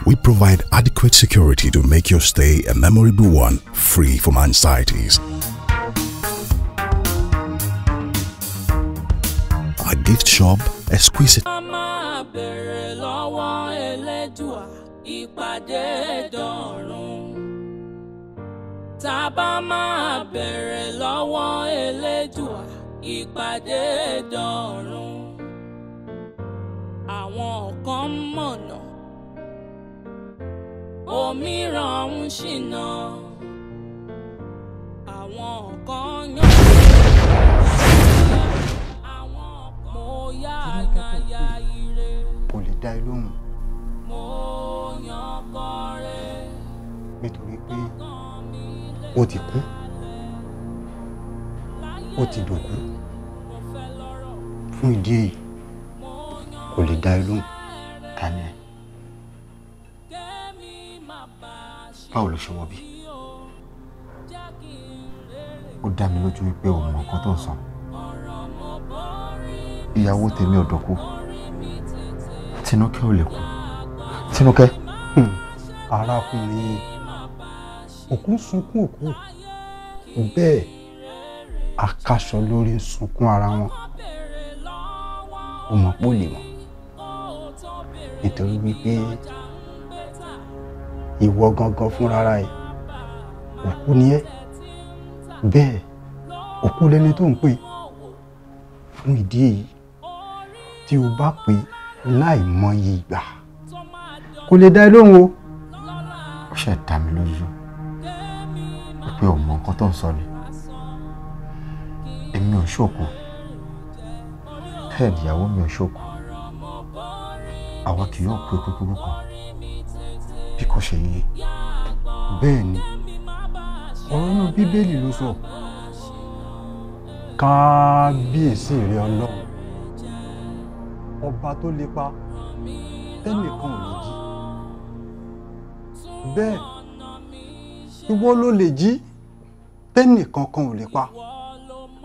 We provide adequate security to make your stay a memorable one, free from anxieties. Our gift shop, exquisite. pàdé dọ̀run tá a bá máa bẹ̀rẹ̀ lọ́wọ́ elédùà ìpàdé dọ̀run àwọn kan mọ̀nà òmíràn ń ṣìnà àwọn kan yàn mo yá àgàyà ire. kò dá ẹ lóhùn. mo nítorí pé ó ti kú ó ti dòkú fún ìdí èyí kò lè dá ilé tani ẹ báwo ló ṣe wọ bí ó dá mi lójú wípé o mọ nǹkan tó ń sọ ìyàwó tèmi ò dòkú ò lè kú Tinúkẹ́. Hmm. arákùnrin òkú ń sunkún òkú bẹ́ẹ̀ àkàsọ lórí ń sunkún ara wọn ó mọ̀ pò lè mọ̀ nítorí wípé ìwọ gangan fúnra rẹ òkú ni ẹ́ bẹ́ẹ̀ òkú lẹni tó ń pè fún ìdí èyí tí o bá pè láì mọyì ìgbà kò lè dá ẹ lóhùn o. ó ṣe dá mi lójú pé ò mọ nǹkan tó ń sọ ni èmi ò ṣòkò bẹ́ẹ̀ ìyàwó mi ò ṣòkò àwa kì yóò kú ikú kan bí kò ṣe yé bẹ́ẹ̀ ni ọ̀rọ̀ inú bíbélì ló sọ kábíyèsí rẹ ọlọ́run ọba tó lépa tẹ́nìkan ò lè jẹ́ bẹ́ẹ̀ ìwọ ló lè jí tẹ́nì kankan ò lè pa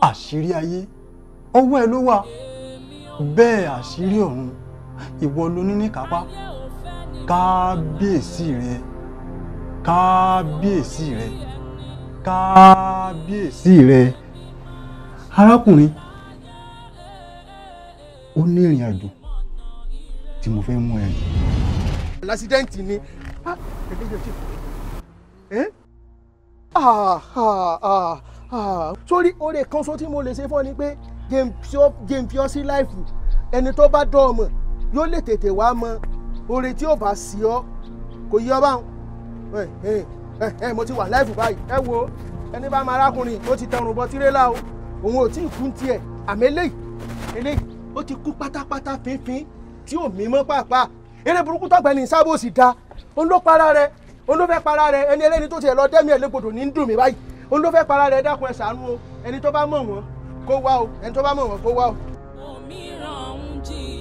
àṣírí ayé ọwọ́ ẹ ló wà bẹ́ẹ̀ àṣírí ọ̀run ìwọ ló ní níkápá kábíyèsí rẹ kábíyèsí rẹ kábíyèsí rẹ arákùnrin ó ní ìrìn àjò tí mo fẹ́ mú ẹ. lásìdẹ́ǹtì ni Eh? Ah, ah, ah, sórí oore kan so tí mo lè ṣe fún ọ ni pé jẹ́ n fi ọ sí láìfù ẹni tó bá dán ọmọ yóò lè tètè wá mọ oore tí ò bá sí ọ kò yí ọ báwọn ẹ ẹ mo ti wà láìfù báyìí ẹ wo ẹni bá máa arákùnrin ó ti tẹrùn bọ tirẹ́là o òun ò tí ì kú tiẹ̀ àmì eléyìí eléyìí ó ti kú pátápátá fínfín tí ò mí mọ́ pàápàá eré burúkú tọ̀gbẹ́ ní sábòsì da òun ló para para rẹ̀ ẹni ẹlẹ́ni tó tiẹ̀ lọ dẹ́mi ẹ̀lẹ́gbọ̀dọ̀ ní dùn mí báyìí òun para rẹ̀ dákun ẹ̀ sànú o ẹni tó bá mọ̀ wọ́n kó wá o ẹni tó bá mọ̀ wọ́n kó wá o. òmíràn ń jìyà.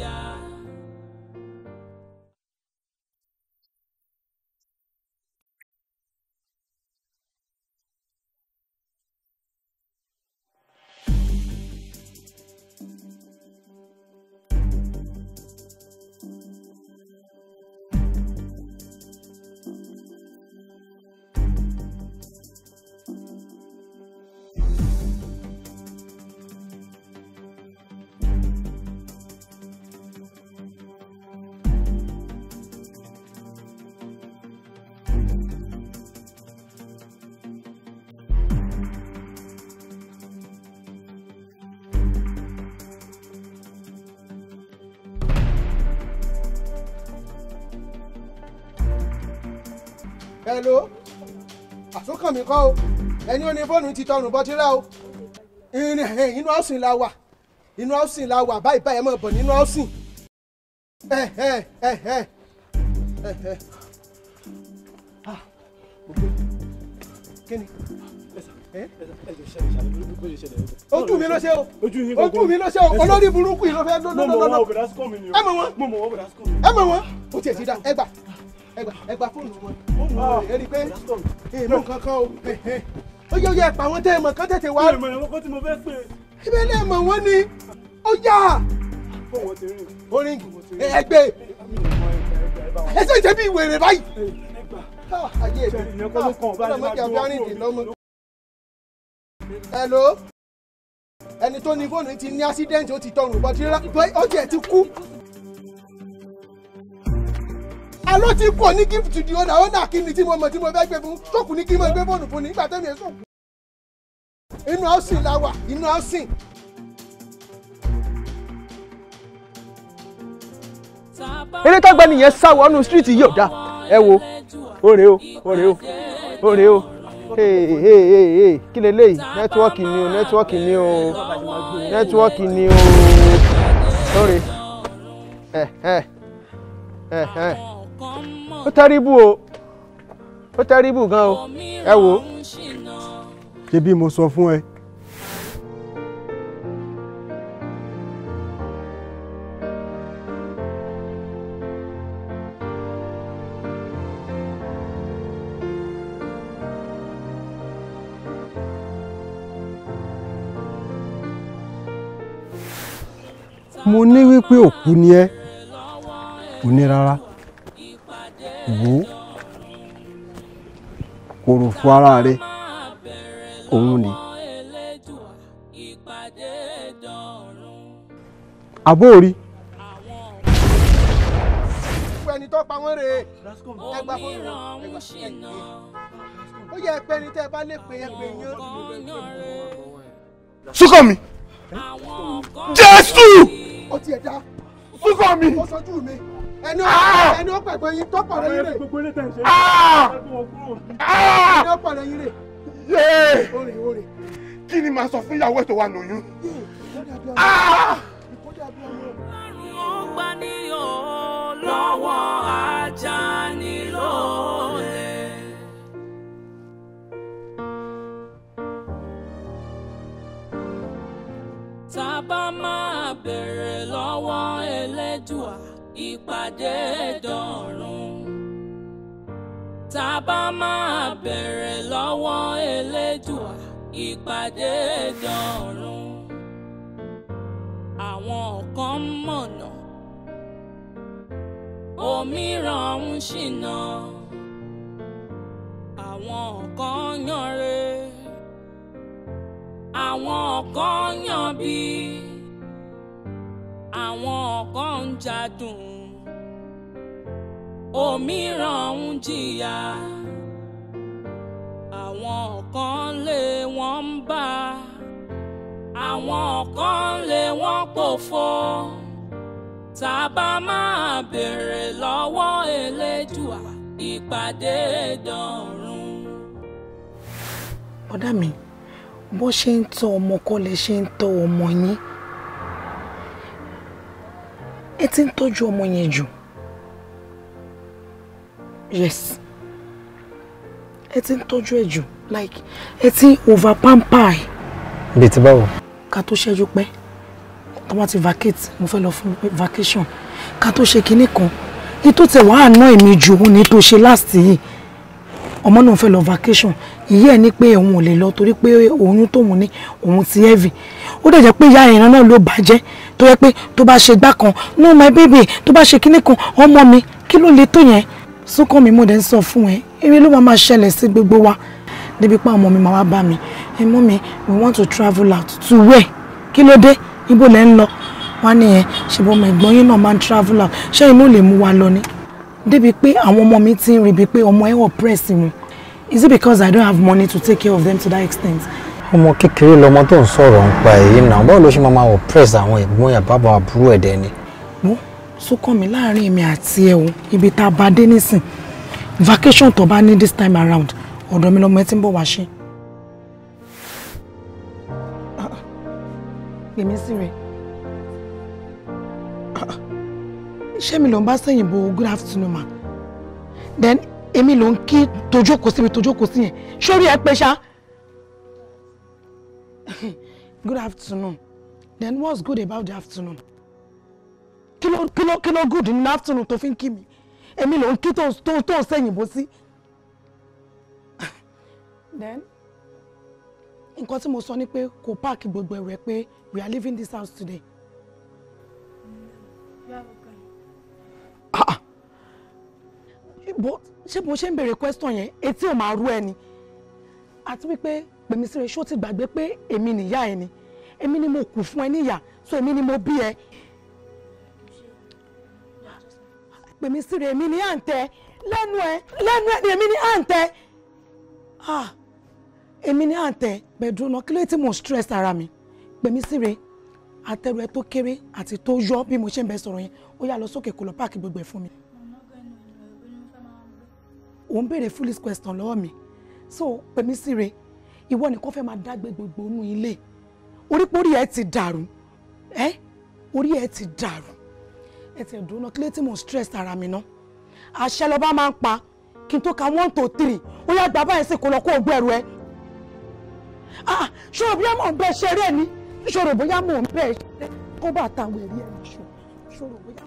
mi kọ́ o ẹni ó ní fóònù ti tọrùn bọ́ tirẹ̀ o inú ọ̀sìn eh, la wà inú ọ̀sìn la wà báyìí báyìí ẹ máa bọ̀ nínú ọ̀sìn. Eh, eh, ah, ojú mi ló ṣe o ojú mi ló ṣe o olórí burúkú yìí ló fẹ́ lọ́lọ́lọ́lọ́ ẹ mọ̀ wọ́n ẹ mọ̀ wọ́n ó tiẹ̀ ti da ẹ gbà ẹgbà fóònù wọn ó mú rí pé èèmọ kankan o ó yẹ ó yẹ ẹ̀pà wọn tẹ́ ẹ tètè wá. ìmọ̀ ìwọ́n kó tí mo fẹ́ pè é. ibẹ̀ náà mọ̀ wọ́n ni ó yá. ó rìn ẹgbẹ́ ẹ ṣe jẹ́ bí wèrè báyìí. ayé mi ọlọmọ jà fẹ́rìndínlọ́mọ. hello ẹni tó ní fóònù ti ní accident ó ti tọrùn bọ́tí ó jẹ́ ti kú àló ti kò ní gift di ọ̀nà ọ̀nà kí ni tí mo mọ̀ tí mo fẹ́ gbé fún ṣọ́ọ̀kù ní kí mo gbé fóònù fún ni nígbà tẹ́mi ẹ̀ sọ̀kù. inú ọ̀sìn la wà inú ọ̀sìn. eré tó gbẹ nìyẹn sá wọnú street yìí ò dáa ẹ wo òrè o òrè o òrè o kí lè léyìí nẹ́tíwọ́ọ̀kì ni o nẹ́tíwọ́ọ̀kì ni o nẹ́tíwọ́ọ̀kì ni o òrè ẹ ẹ ẹ ẹ ó tẹ́ríbù o ó tẹ́ríbù gan o ẹ wò ó. ṣé bí mo sọ fún ẹ. mo ní wípé òkú ni ẹ kò rárá wù ú kòrò fún ara rẹ òun ni. àbó orí. ẹni tó pa wọ́n rèé ẹ gba fóònù wọn ẹ gba fóònù wọn ó yẹ ẹpẹ ni tẹ ẹ bá lè pè é pè yín. súnkàn mi jésù súnkàn mi. ó sọjú mi ẹni ah! ẹni ó pẹ̀gbẹ́ yín tó pọ̀ lẹ́yìn rẹ̀. gbogbo ilé tẹ̀ ṣe ẹni ó pọ̀ lẹ́yìn rẹ̀. yéé orè orè. kí ni màá sọ fún ìyàwó ẹ̀ tó wà lóyún. àrùn ọgbà ni o lọ́wọ́ ajá ni lóore. tá a bá máa bẹ̀rẹ̀ lọ́wọ́ Ẹlẹ́dùà ìpàdé dọ̀run tá a bá máa bẹ̀rẹ̀ lọ́wọ́ elédùà ìpàdé dọ̀run àwọn kan mọ̀nà òmíràn ń ṣìnà àwọn kan yànre àwọn kan yànbí àwọn kan ń jadùn òmíràn ń jìyà àwọn kan lé wọn ń bá àwọn kan lé wọn pòfo tá a bá máa béèrè lọ́wọ́ elédùà ìpàdé dọ̀run. ọ̀dà mi bó ṣe ń tọ́ ọmọ kọ́ lè ṣe ń tọ́ ọmọ yín ẹ ti ń tọ́jú ọmọ yẹn jù yes ẹ ti ń tọ́jú ẹ̀ like ẹ ti over pamper ẹ̀. bí ti báwo. ká tó ṣẹ́jú pẹ́ tó bá ti vacate mo fẹ́ lọ fún vacation ká tó ṣe kinní kan ní tó tẹ̀ wàá ná èmi ju òun ní tó ṣe last yìí ọmọ náà fẹ́ lọ vacation ìyá ẹ̀ pe pé òun ò lè lọ torí pé oyún tóun ní òun ti heavy ó dẹ̀ jẹ́ pé ìyá ìran náà ló bàjẹ́ tó yẹ pé tó bá ṣe gbá kan no my baby tó bá ṣe kinní kan ọmọ mi kí le tó yẹn sókàn mi mo dẹ̀ ń sọ fún ẹ eré ló máa máa ṣẹlẹ̀ sí gbogbo wa débi pa ọmọ mi máa wá bá mi ẹ mọ́ mi we want to travel out to where kí ló dé ibo lẹ́ ń lọ wá nìyẹn ṣùgbọ́n ọmọ ẹ̀gbọ́n yín náà máa ń travel out ṣé inú lè mú wa lọ ni débi pé àwọn ọmọ mi ti ń rí pé ọmọ ẹ̀ oppress mi is it because I don't have money to take care of them to that extent. ọmọ kékeré lọmọ tó ń sọ̀rọ̀ ń pa èyí náà báwo ló ṣe máa máa oppress àwọn ẹ̀gbọ́n yàrá bàbá àbúrò ẹ̀dẹ̀ ni sókàn mi láàrin èmi àti ẹ o ibi tá a bá dé nísìn vacation tó bá ní this time around ọ̀dọ̀ mi lọ́mọ ẹ ti ń bọ̀ wá ṣe. èmi sì rẹ̀ iṣẹ́ mi ló ń bá sẹ́yìn bo good afternoon ma then èmi ló ń kí tojókòó síbi tojókòó sí yẹn sórí ẹ pé ṣá good afternoon then what's good about the afternoon kí good ní afternoon tó fi ń kí mi èmi ló ń kí tó tó sẹ́yìn bó sí. then nǹkan tí mo sọ ni pé kò park, gbogbo ẹ̀rọ ẹ̀ pé we are leaving this house today. Ah, ah. bó ṣé mo ṣe ń béèrè question yẹn etí ò máa rú ẹ ni àti wípé pèmí sí rẹ ṣó ti gbàgbé pé èmi nìyá ẹ ni èmi ni mo kù fún ẹ níyà so èmi ni mo bí ẹ. E pè mí sí rèmi ní àǹtẹ lẹ́nu ẹ lẹ́nu ẹ rèmi ní àǹtẹ ah èmi ní àǹtẹ bẹ̀dúnà kí ló ti mò ń stress ara mi pè mí sí re atẹ́rù ẹ tó kéré àti tó yọ bí mo ṣe ń bẹ sọ̀rọ̀ yẹn ó yá lọ sókè kó lọ páàkì gbogbo ẹ̀ fún mi. òun béèrè foolish question lọ́wọ́ mi so pè mí sí re ìwọ nìkan fẹ́ máa dágbé gbogbo inú ilé oríporí ẹ ti dàrú ẹ orí ẹ ti dàrú ẹsẹ̀ ìdúná kílé tí mò stress ara mi ná àṣẹ lọ́ba máa ń pa kí n tó ka one to three ó yá gbà báyìí sí kó lọ kó ah, o gbẹ̀rù ẹ. ṣòro bóyá mò ń bẹ ṣeré ni ṣòro bóyá mò ń bẹ ṣeré kó bàtà wẹ̀rí ẹ̀ ṣòro bóyá.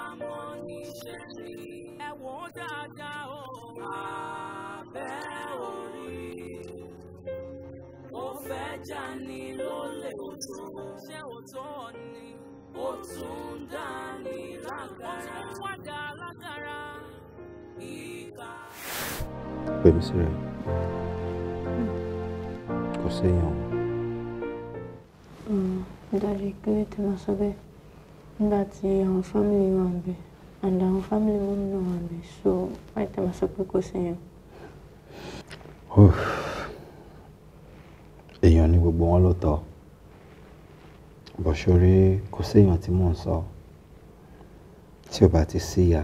àmọ́ níṣẹ́ sí ẹ̀wọ̀n dáadáa o. Abẹ́ orí ó fẹ́ já ní lólè òtún. Ṣé òótọ́ ni? Ó tún dá ní lágara. Ó tún wádà lágara. Ìka. Bẹ̀mí sí rẹ̀, kò séèyàn. Hmm, dájú kí ló ti máa sọ nígbà tí àwọn family wà ń bẹ and àwọn family mọ́ mi náà wà ń bẹ so wáyé tẹ́ máa sọ pé kò sí yẹn. èèyàn ni gbogbo wọn ló tọ́ bọ̀ṣọ́rí kò séèyàn tí mò ń sọ tí ò bá ti síyà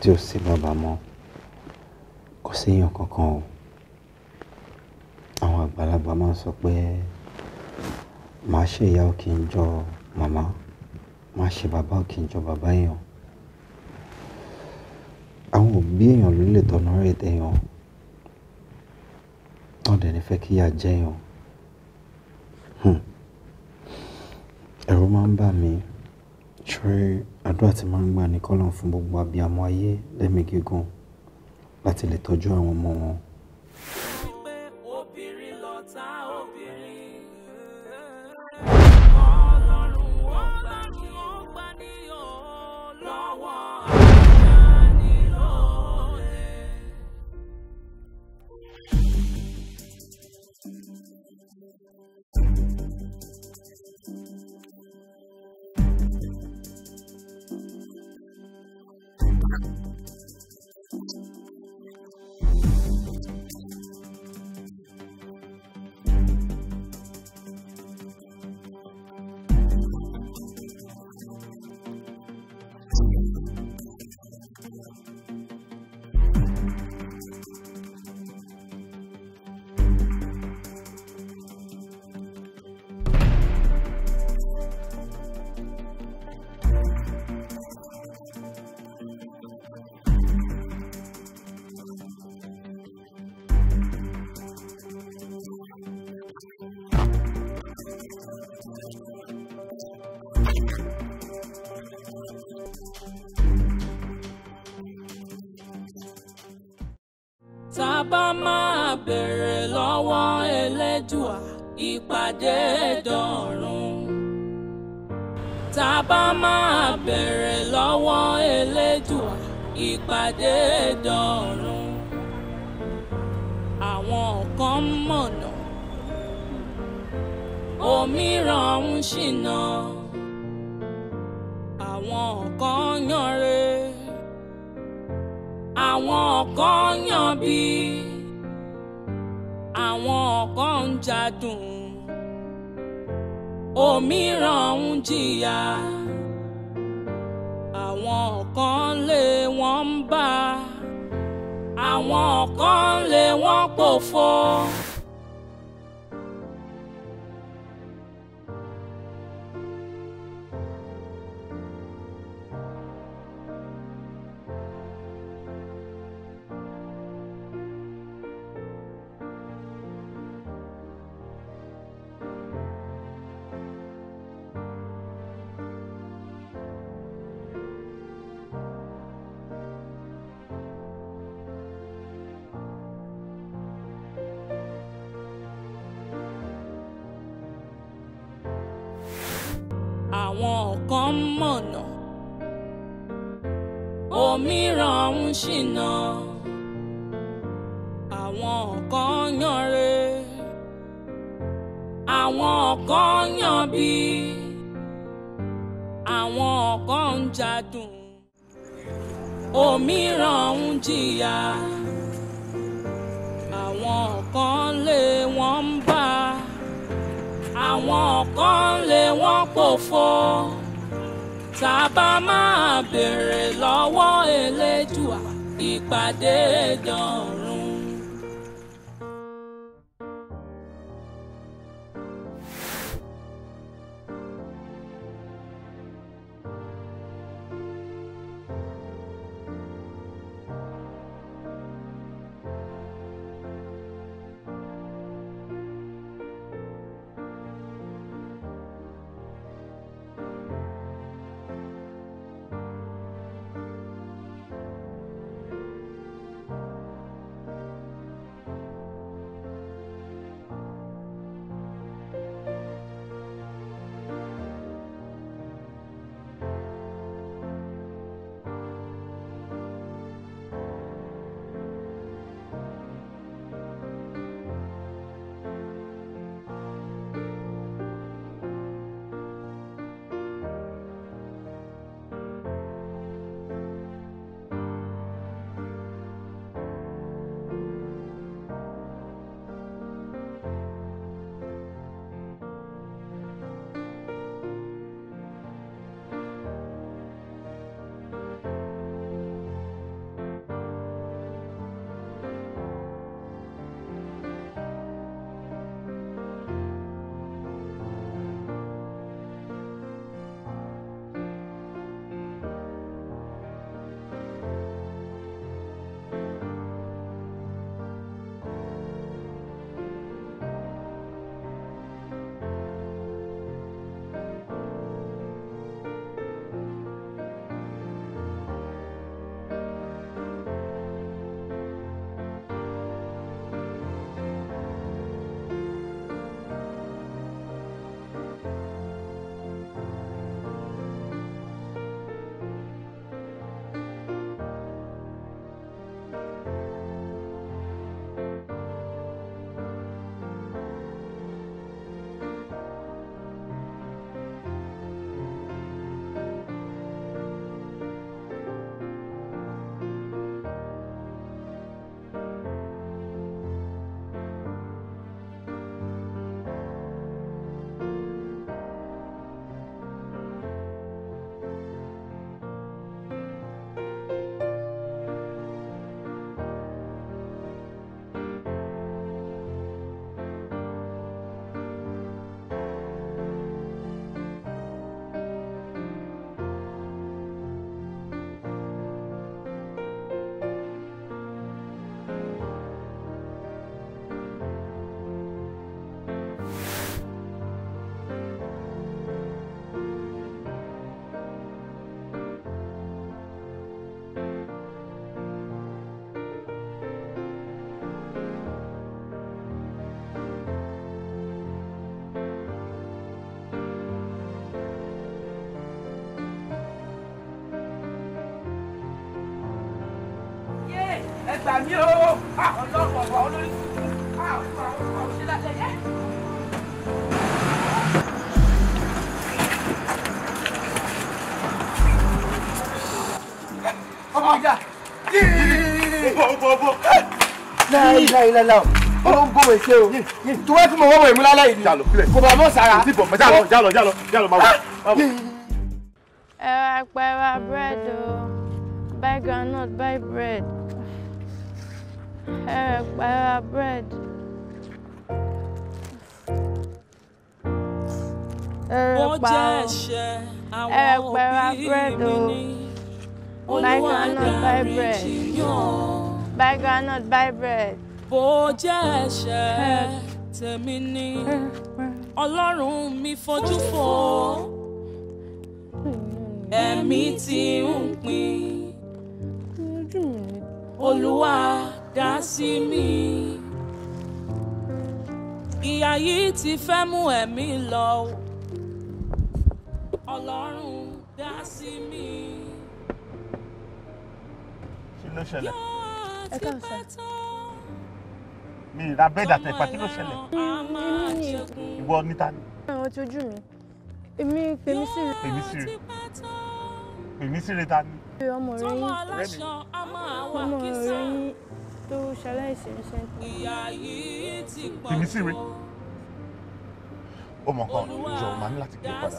tí ò sí bàbá mọ́ kò séèyàn kankan o àwọn àgbàlagbà máa ń sọ pé màá ṣèyá ò kí n jọ màmá má ṣe bàbá ò kì í jọ bàbá èèyàn àwọn òbí èèyàn ló lè tọ́nà rẹ̀ tẹ̀yàn tán dẹ̀ ní fẹ́ kí ìyà jẹ́ èèyàn hmm. ẹ̀rọ máa ń bà mí ṣé àdúrà tí máa ń gbà ní kọ́lọ́n fún gbogbo abiyamọ ayé lẹ́mìí gígùn láti lè tọ́jú àwọn ọmọ wọn. jádùn òmíràn ń jìyà àwọn kan lé wọn ń bá àwọn kan lé wọn pòfo. bọ̀ bọ̀. láì láì láì láì olóńgbò wẹ̀ ṣe o buy groundnut buy bread ẹ wá pẹ́ wá búrẹ́dì. ẹ̀rẹ̀pà ẹ̀rẹ̀pà wá búrẹ́dì buy groundnut buy bread buy groundnut buy bread. bó jẹ́ ni ọlọ́run mi fojú fò ẹ̀mí tí ń pín olúwa dá mi ìyà yìí ti fẹ́ mú ẹ̀mí lọ ọlọ́run dá sí mi. kí ló ẹ ká sọ. mi ìra bẹ́ẹ̀dì àtẹ̀pà kí ló ṣẹlẹ̀. ìwọ níta ni. àwọn ti ojú mi èmi pèmí sí rẹ. pèmí sí rẹ pèmí sí rẹ ta ni. ọmọ rẹ yín ọmọ rẹ yín tó ṣaláìsí ẹsẹ̀. pèmí sí rẹ ó kan jọ máa ní láti gbé padà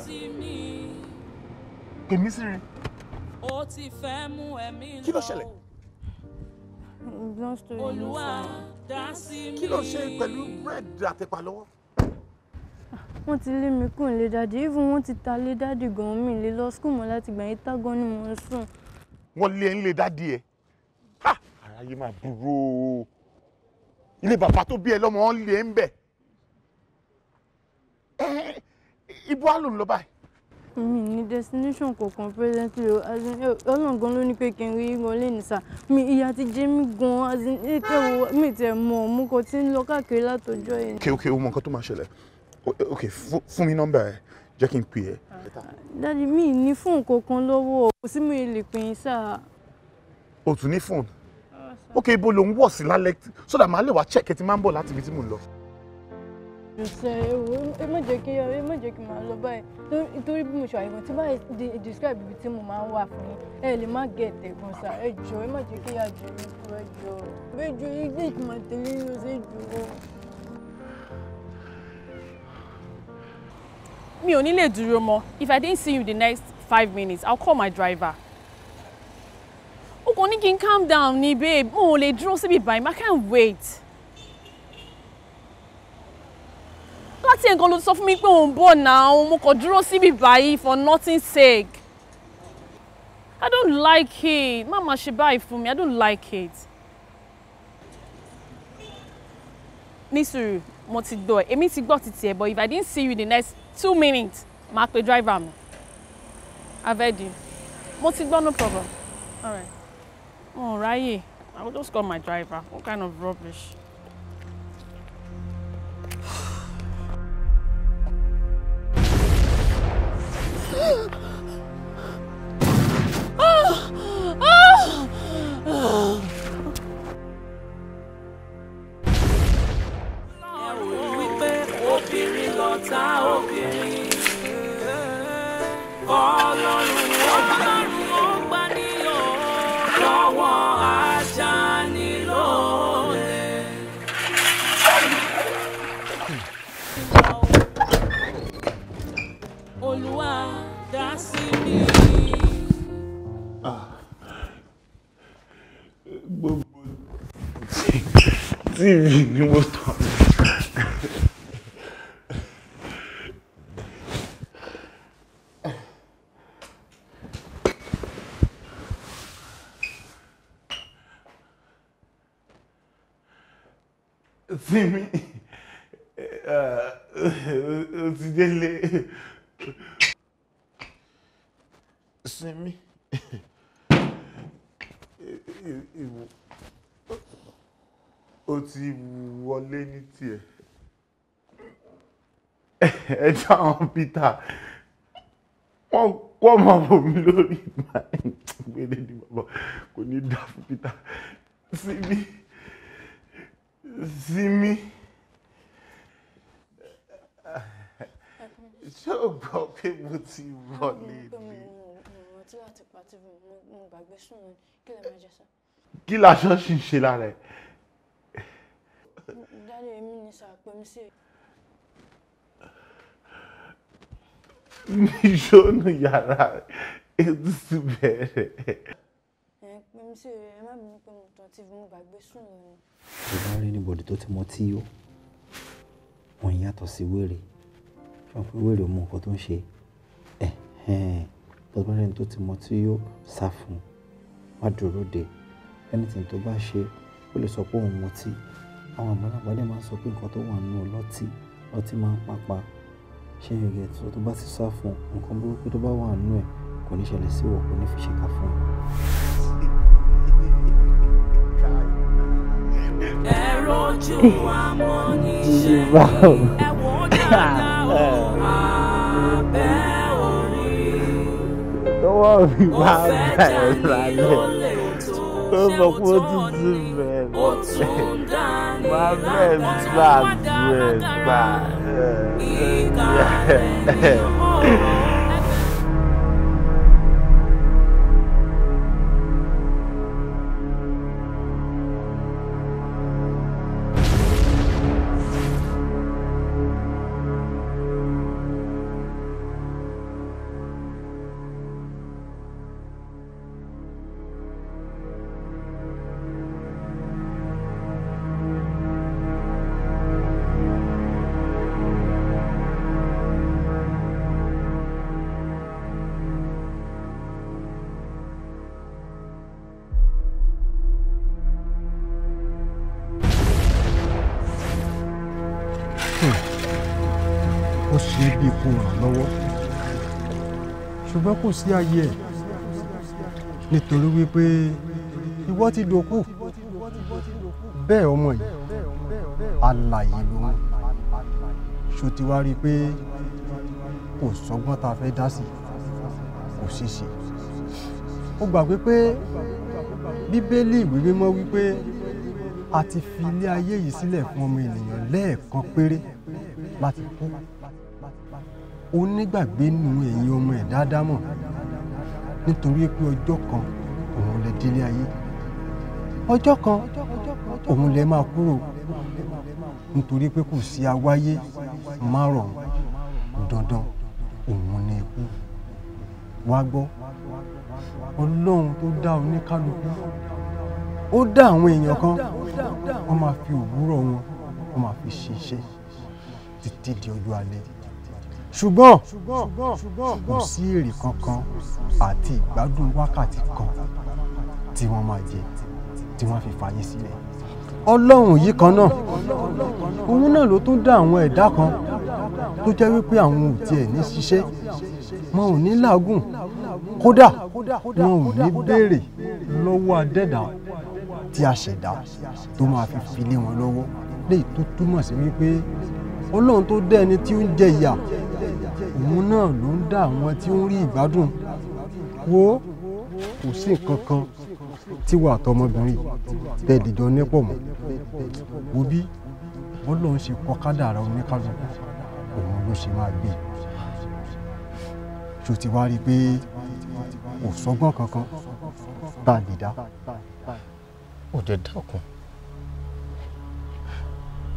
pèmí sí rẹ. kí ló ṣẹlẹ̀ long story ló sọ. kí ló ṣe pẹ̀lú búrẹ́dì àtẹ̀pà lọ́wọ́. wọ́n ti lé mi kùn lé dáàdì even wọ́n ti ta lé dáàdì gan-an mi lè lọ skul mọ́ láti gbà yín tágán ni mo ń sùn. wọ́n lé ń lé dáàdì ẹ̀ aráyé máa burú o ilé bàbá tó bí ẹ lọ́mọ ọ́n lé ń bẹ̀ ibo á lò ń lọ báyìí mi mm, ni destination kankan presently o ọlọ́run gan ló ní pé kí n rí wọn lé nìsà mi ìyá ti jẹ́ mí gan eh, mi tẹ̀ mọ̀ mo kàn ti ń lọ káàkiri látọjọ́ yìí. ok ok o mọ nǹkan tó máa ṣẹlẹ̀ ok fún mi nọ́mbà ẹ jẹ́ kí n pè é. dadi mi ní fóònù kankan lọ́wọ́ kò sí mi lè pè é o tún ní fóònù ok ibo ló ń wọ̀ sí lálẹ́ sódà máa lè wá check ẹ ti máa ń bọ̀ láti ibi tí mò ń lọ ṣe ewu ẹ má jẹ́ kí ẹ má jẹ́ kí n máa lọ báyìí nítorí bí mo ṣe àyẹ̀wò tí báyìí di describe ibi tí mo máa ń wà fún yín ẹ lè má gẹ̀ tẹ̀gùn sá ẹ jọ ẹ má jẹ́ kí ìyá jẹ mí kú ẹ jọ ẹ jọ ilé mi ò ní lè dúró if i didn't see you the next five minutes i'll call my driver. o can ní calm down ni babe mo ò lè dúró síbi báyìí i can't wait. àǹtí ẹ̀ ló sọ fún mi pé òun bọ̀ náà mo kàn dúró síbi báyìí for nothing sake I don't like it má má ṣe báyìí fún mi I don't like it. nísìrì mo ti gbọ́ ẹ̀ èmi ti gbọ́ títí ẹ̀ but if I didn't see you the next two minutes máa pe driver mi I've heard you mo ti gbọ́ no problem all right mo ò ráyè I will just call my driver what kind of rubbish. Ọlọ́run ó gbà ní ọ̀ lọ́wọ́. tv eu vou tomar Simi ó ti délé Simi ìwò ó ti wọlé ní tiẹ̀ ẹjọ́ àwọn peter wọ́n wọ́n máa bò mí lórí ìgbà ìgbèrè ní bàbá kò ní dá fún peter sími sími ṣé o gbọ́ pé mo ti wọlé ní. kí la ṣọ́ọ̀ṣì ń ṣe lára ẹ̀. Dádì èmi ni sà pé mi sí. Níṣó nu yàrá ètò sí bẹ̀rẹ̀. Ẹ pé mi sí rẹ̀ ẹ má bínú pé mo tàn tíì mo gbàgbé sùn lọ ni. Mo bá rí níbodè tó ti mọ tí ó. Wọ́n yàtọ̀ sí wèrè. Ṣọ́n pé wèrè mọ nǹkan tó ń ṣe. Tó bá rí ẹni ti mọ tí ó sá fún un, wá dúró de. Anything tó bá ṣe, ó lè sọ pé òun mọtí àwọn àgbàlagbà máa sọ pé nǹkan tó wà nínú ọlọ́tí ọtí máa ń pàpà ṣé yóò gẹ̀ tó bá ti sá fún nǹkan burúkú tó bá wà nínú ẹ̀ kò ní ṣẹlẹ̀ sí wọ̀ kò ní fi ṣèkà fún un. ẹ̀rọ ojú àmọ́ ní ṣe ẹ̀wọ̀n dáadáa ó abẹ́ orí. lọ́wọ́ mi máa ń bá ẹ̀ lálẹ́ tó mọ̀ pé ó ti dùn mẹ́. my best, my best, my best. kù sí ayé ẹ̀ nítorí wípé ìwọ ti dòkú bẹ́ẹ̀ ọmọ yìí alàyè lòun ṣó ti wá rí i pé kò sọgbọ́n tá a fẹ́ dá sí kò sí ṣe ó gbà wípé bíbélì ìwé mímọ́ wípé a ti fi ilé ayé yìí sílẹ̀ fún ọmọ ènìyàn lẹ́ẹ̀kan péré láti kú onígbàgbé nu ẹ̀yin ọmọ ẹ̀ dáadáa mọ̀ nítorí pé ọjọ́ kan òun lè délé ayé ọjọ́ kan òun lè máa kúrò nítorí pé kò sí awáyé márùn dandan òun ni ikú wá gbọ́ ọlọ́run tó dá oníkálukú ó dá àwọn èèyàn kan wọ́n máa fi òwúrọ̀ wọn wọ́n máa fi ṣiṣẹ́ títí di ọjọ́ alẹ́ ṣùgbọ́n kò sí èrè kankan àti ìgbádùn wákàtí kan tí wọ́n máa jẹ tí wọ́n fi fàyè sílẹ̀. ọlọ́run yìí kan náà òun náà ló tún dá àwọn ẹ̀dá kan tó jẹ́ wípé àwọn ò tiẹ̀ ní ṣiṣẹ́ wọn ò ní làágùn kódà wọn ò ní béèrè lọ́wọ́ adẹ́dà tí a ṣẹ̀dá tó máa fi filé wọn lọ́wọ́ léyìí tó túmọ̀ sí wípé ó lóun tó dá ẹni tí ó ń jẹ ìyà òun náà ló ń dá àwọn tí ó ń rí ìgbádùn wo kò sí nǹkan kan tí wà tọmọbìnrin tẹ dìjọ nípò mọ wo bí wọn lóun ṣe kọ kádàrá oníkálukú òun ló ṣe máa gbé ṣó ti wá rí i pé kò sọgbọn kankan tá a lè dá. òde dákun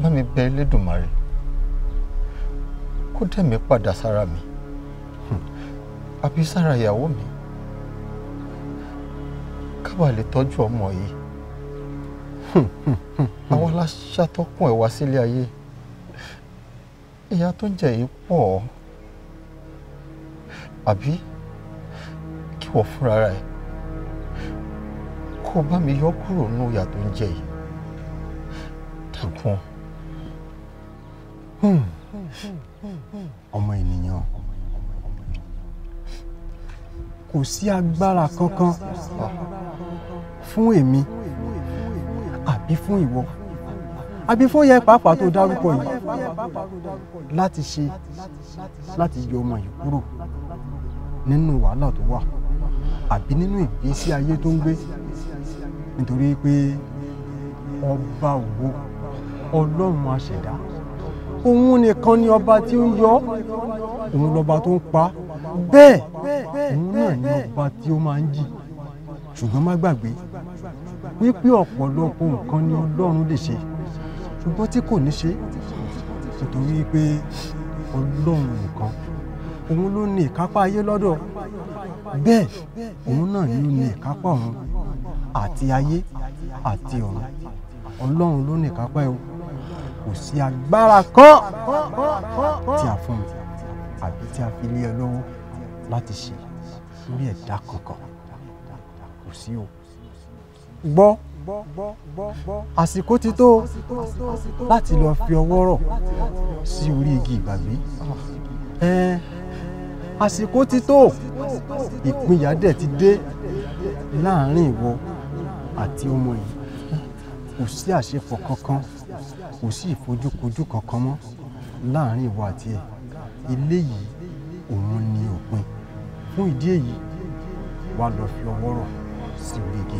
bá mi bẹ Elédùmarè kó dẹ̀mí padà sára mi hmm. àbí sára ìyàwó mi kábàá lè tọ́jú ọmọ yìí àwa la ṣàtọ́kùn ẹ̀ wá sílé ayé ìyá tó ń jẹ yìí pọ̀ àbí kí wọ́n fúnra rẹ̀ kó bá mi yọ kúrò nínú ìyá tó ń jẹ yìí dàgbọ́n. Hmm ọmọ ènìyàn kò sí agbára kankan fún èmi àbí fún ìwọ àbí fún yẹ pàápàá tó dárúkọ yìí láti ṣe láti yọ ọmọ yìí kúrò nínú wàhálà tó wà àbí nínú ìgbésí ayé tó ń gbé nítorí pé ọba ògo ọlọ́run aṣẹ̀dá òun nìkan ni ọba tí ń yọ òun lọba tó ń pa bẹ́ẹ̀ òun náà ni ọba tí ó máa ń jì ṣùgbọ́n má gbàgbé wípé ọ̀pọ̀lọpọ̀ nǹkan ni ọlọ́run lè ṣe ṣùgbọ́n tí kò ní ṣe nítorí pé ọlọ́run nìkan òun ló ní ìkápá ayé lọ́dọ̀ bẹ́ẹ̀ òun náà ni ó ní ìkápá ọ̀run àti ayé àti ọ̀run ọlọ́run ló ní ìkápá ẹ̀ kò sí agbára kan tí a fún mi àbí tí a fi lé ẹ lọ́wọ́ láti ṣe lórí ẹ̀dá kankan kò sí o. gbọ́ àsìkò ti tó láti lọ fi ọwọ́ rọ̀ sí orí igi ìgbàgbé àsìkò ti tó ìpínyà dẹ̀ ti dé láàrin ìwọ àti ọmọ yìí kò sí àṣepọ̀ kankan kò sí ìfojúkojú kankan mọ́ láàrin ìwọ àti ẹ̀ ilé yìí òun ni òpin fún ìdí èyí wàá lọ fi ọwọ́ rọ̀ sí orí igi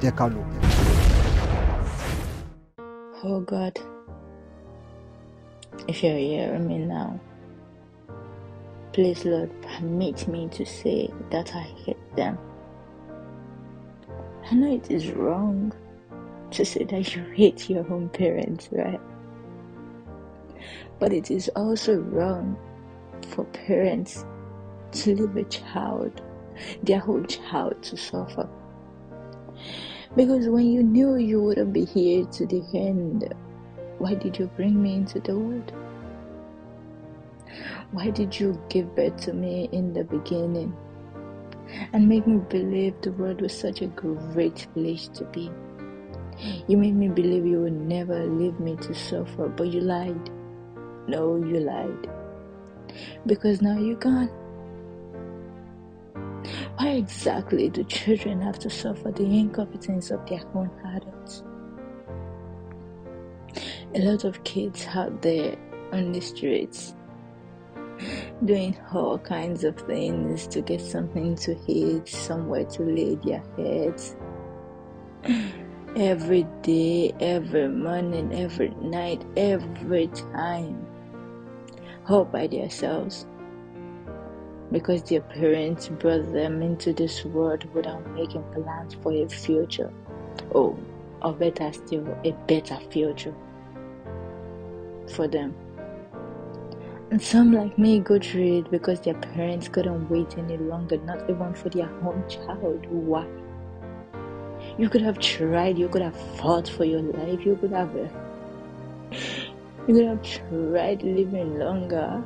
jẹ́ ká lò. Oh God, if you're hearing me now, please Lord, permit me to say that I hate them. I know it is wrong. to say that you hate your own parents, right? But it is also wrong for parents to leave a child, their whole child, to suffer. Because when you knew you wouldn't be here to the end, why did you bring me into the world? Why did you give birth to me in the beginning? And make me believe the world was such a great place to be. You made me believe you would never leave me to suffer, but you lied. No, you lied. Because now you're gone. Why exactly do children have to suffer the incompetence of their own adults? A lot of kids out there on the streets doing all kinds of things to get something to eat, somewhere to lay their heads every day, every morning, every night, every time. All by themselves. Because their parents brought them into this world without making plans for a future. Oh, or better still, a better future for them. And some, like me, go through it because their parents couldn't wait any longer, not even for their own child. Why? You could have tried, you could have fought for your life, you could have you could have tried living longer.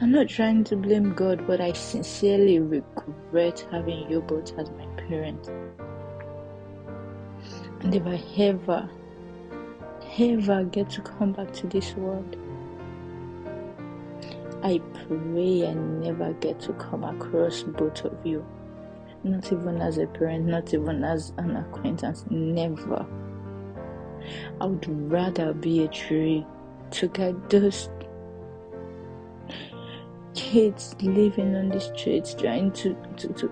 I'm not trying to blame God, but I sincerely regret having you both as my parents. And if I ever, ever get to come back to this world, I pray I never get to come across both of you not even as a parent, not even as an acquaintance, never. I would rather be a tree to get those kids living on the streets trying to, to, to,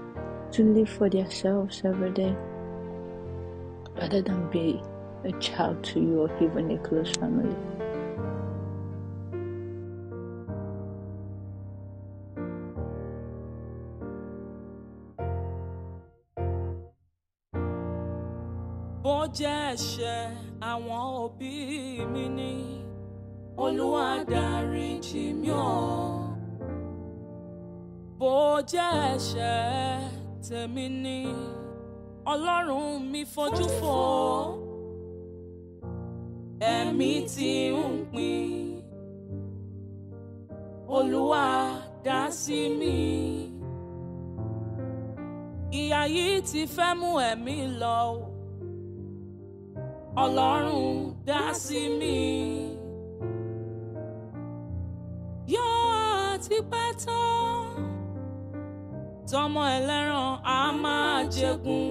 to live for themselves every day rather than be a child to you or even a close family. ẹ̀ṣẹ̀ àwọn òbí mi ni olúwa dáríjì mi o bó jẹ́ ẹ̀ṣẹ̀ tèmi ni ọlọ́run mi fojú fò ẹ̀mí tí ń pín olúwa dá sí mi ìyà yìí ti fẹ́ mú ẹ̀mí lọ ọlọ́run dá sí mi. yọ àti pẹ́ tán tọmọ ẹlẹ́ran á máa jẹgun.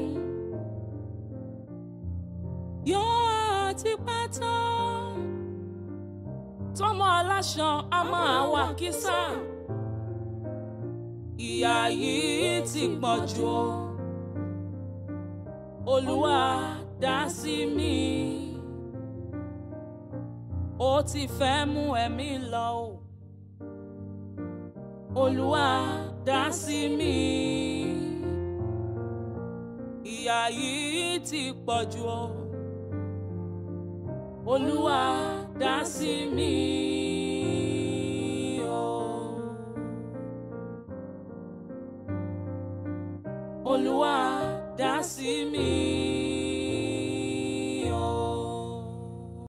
yọ àti pẹ́ tán tọmọ aláṣọ á máa wà kísà. ìyà yìí ti pọ̀ jù o olúwa. olúwa dá sí mi ó ti fẹ́ mú ẹ̀mí lọ o Olúwa dá sí mi ìyà yìí ti pọ̀ jù o Olúwa dá mi. Olúwa dá sí mi.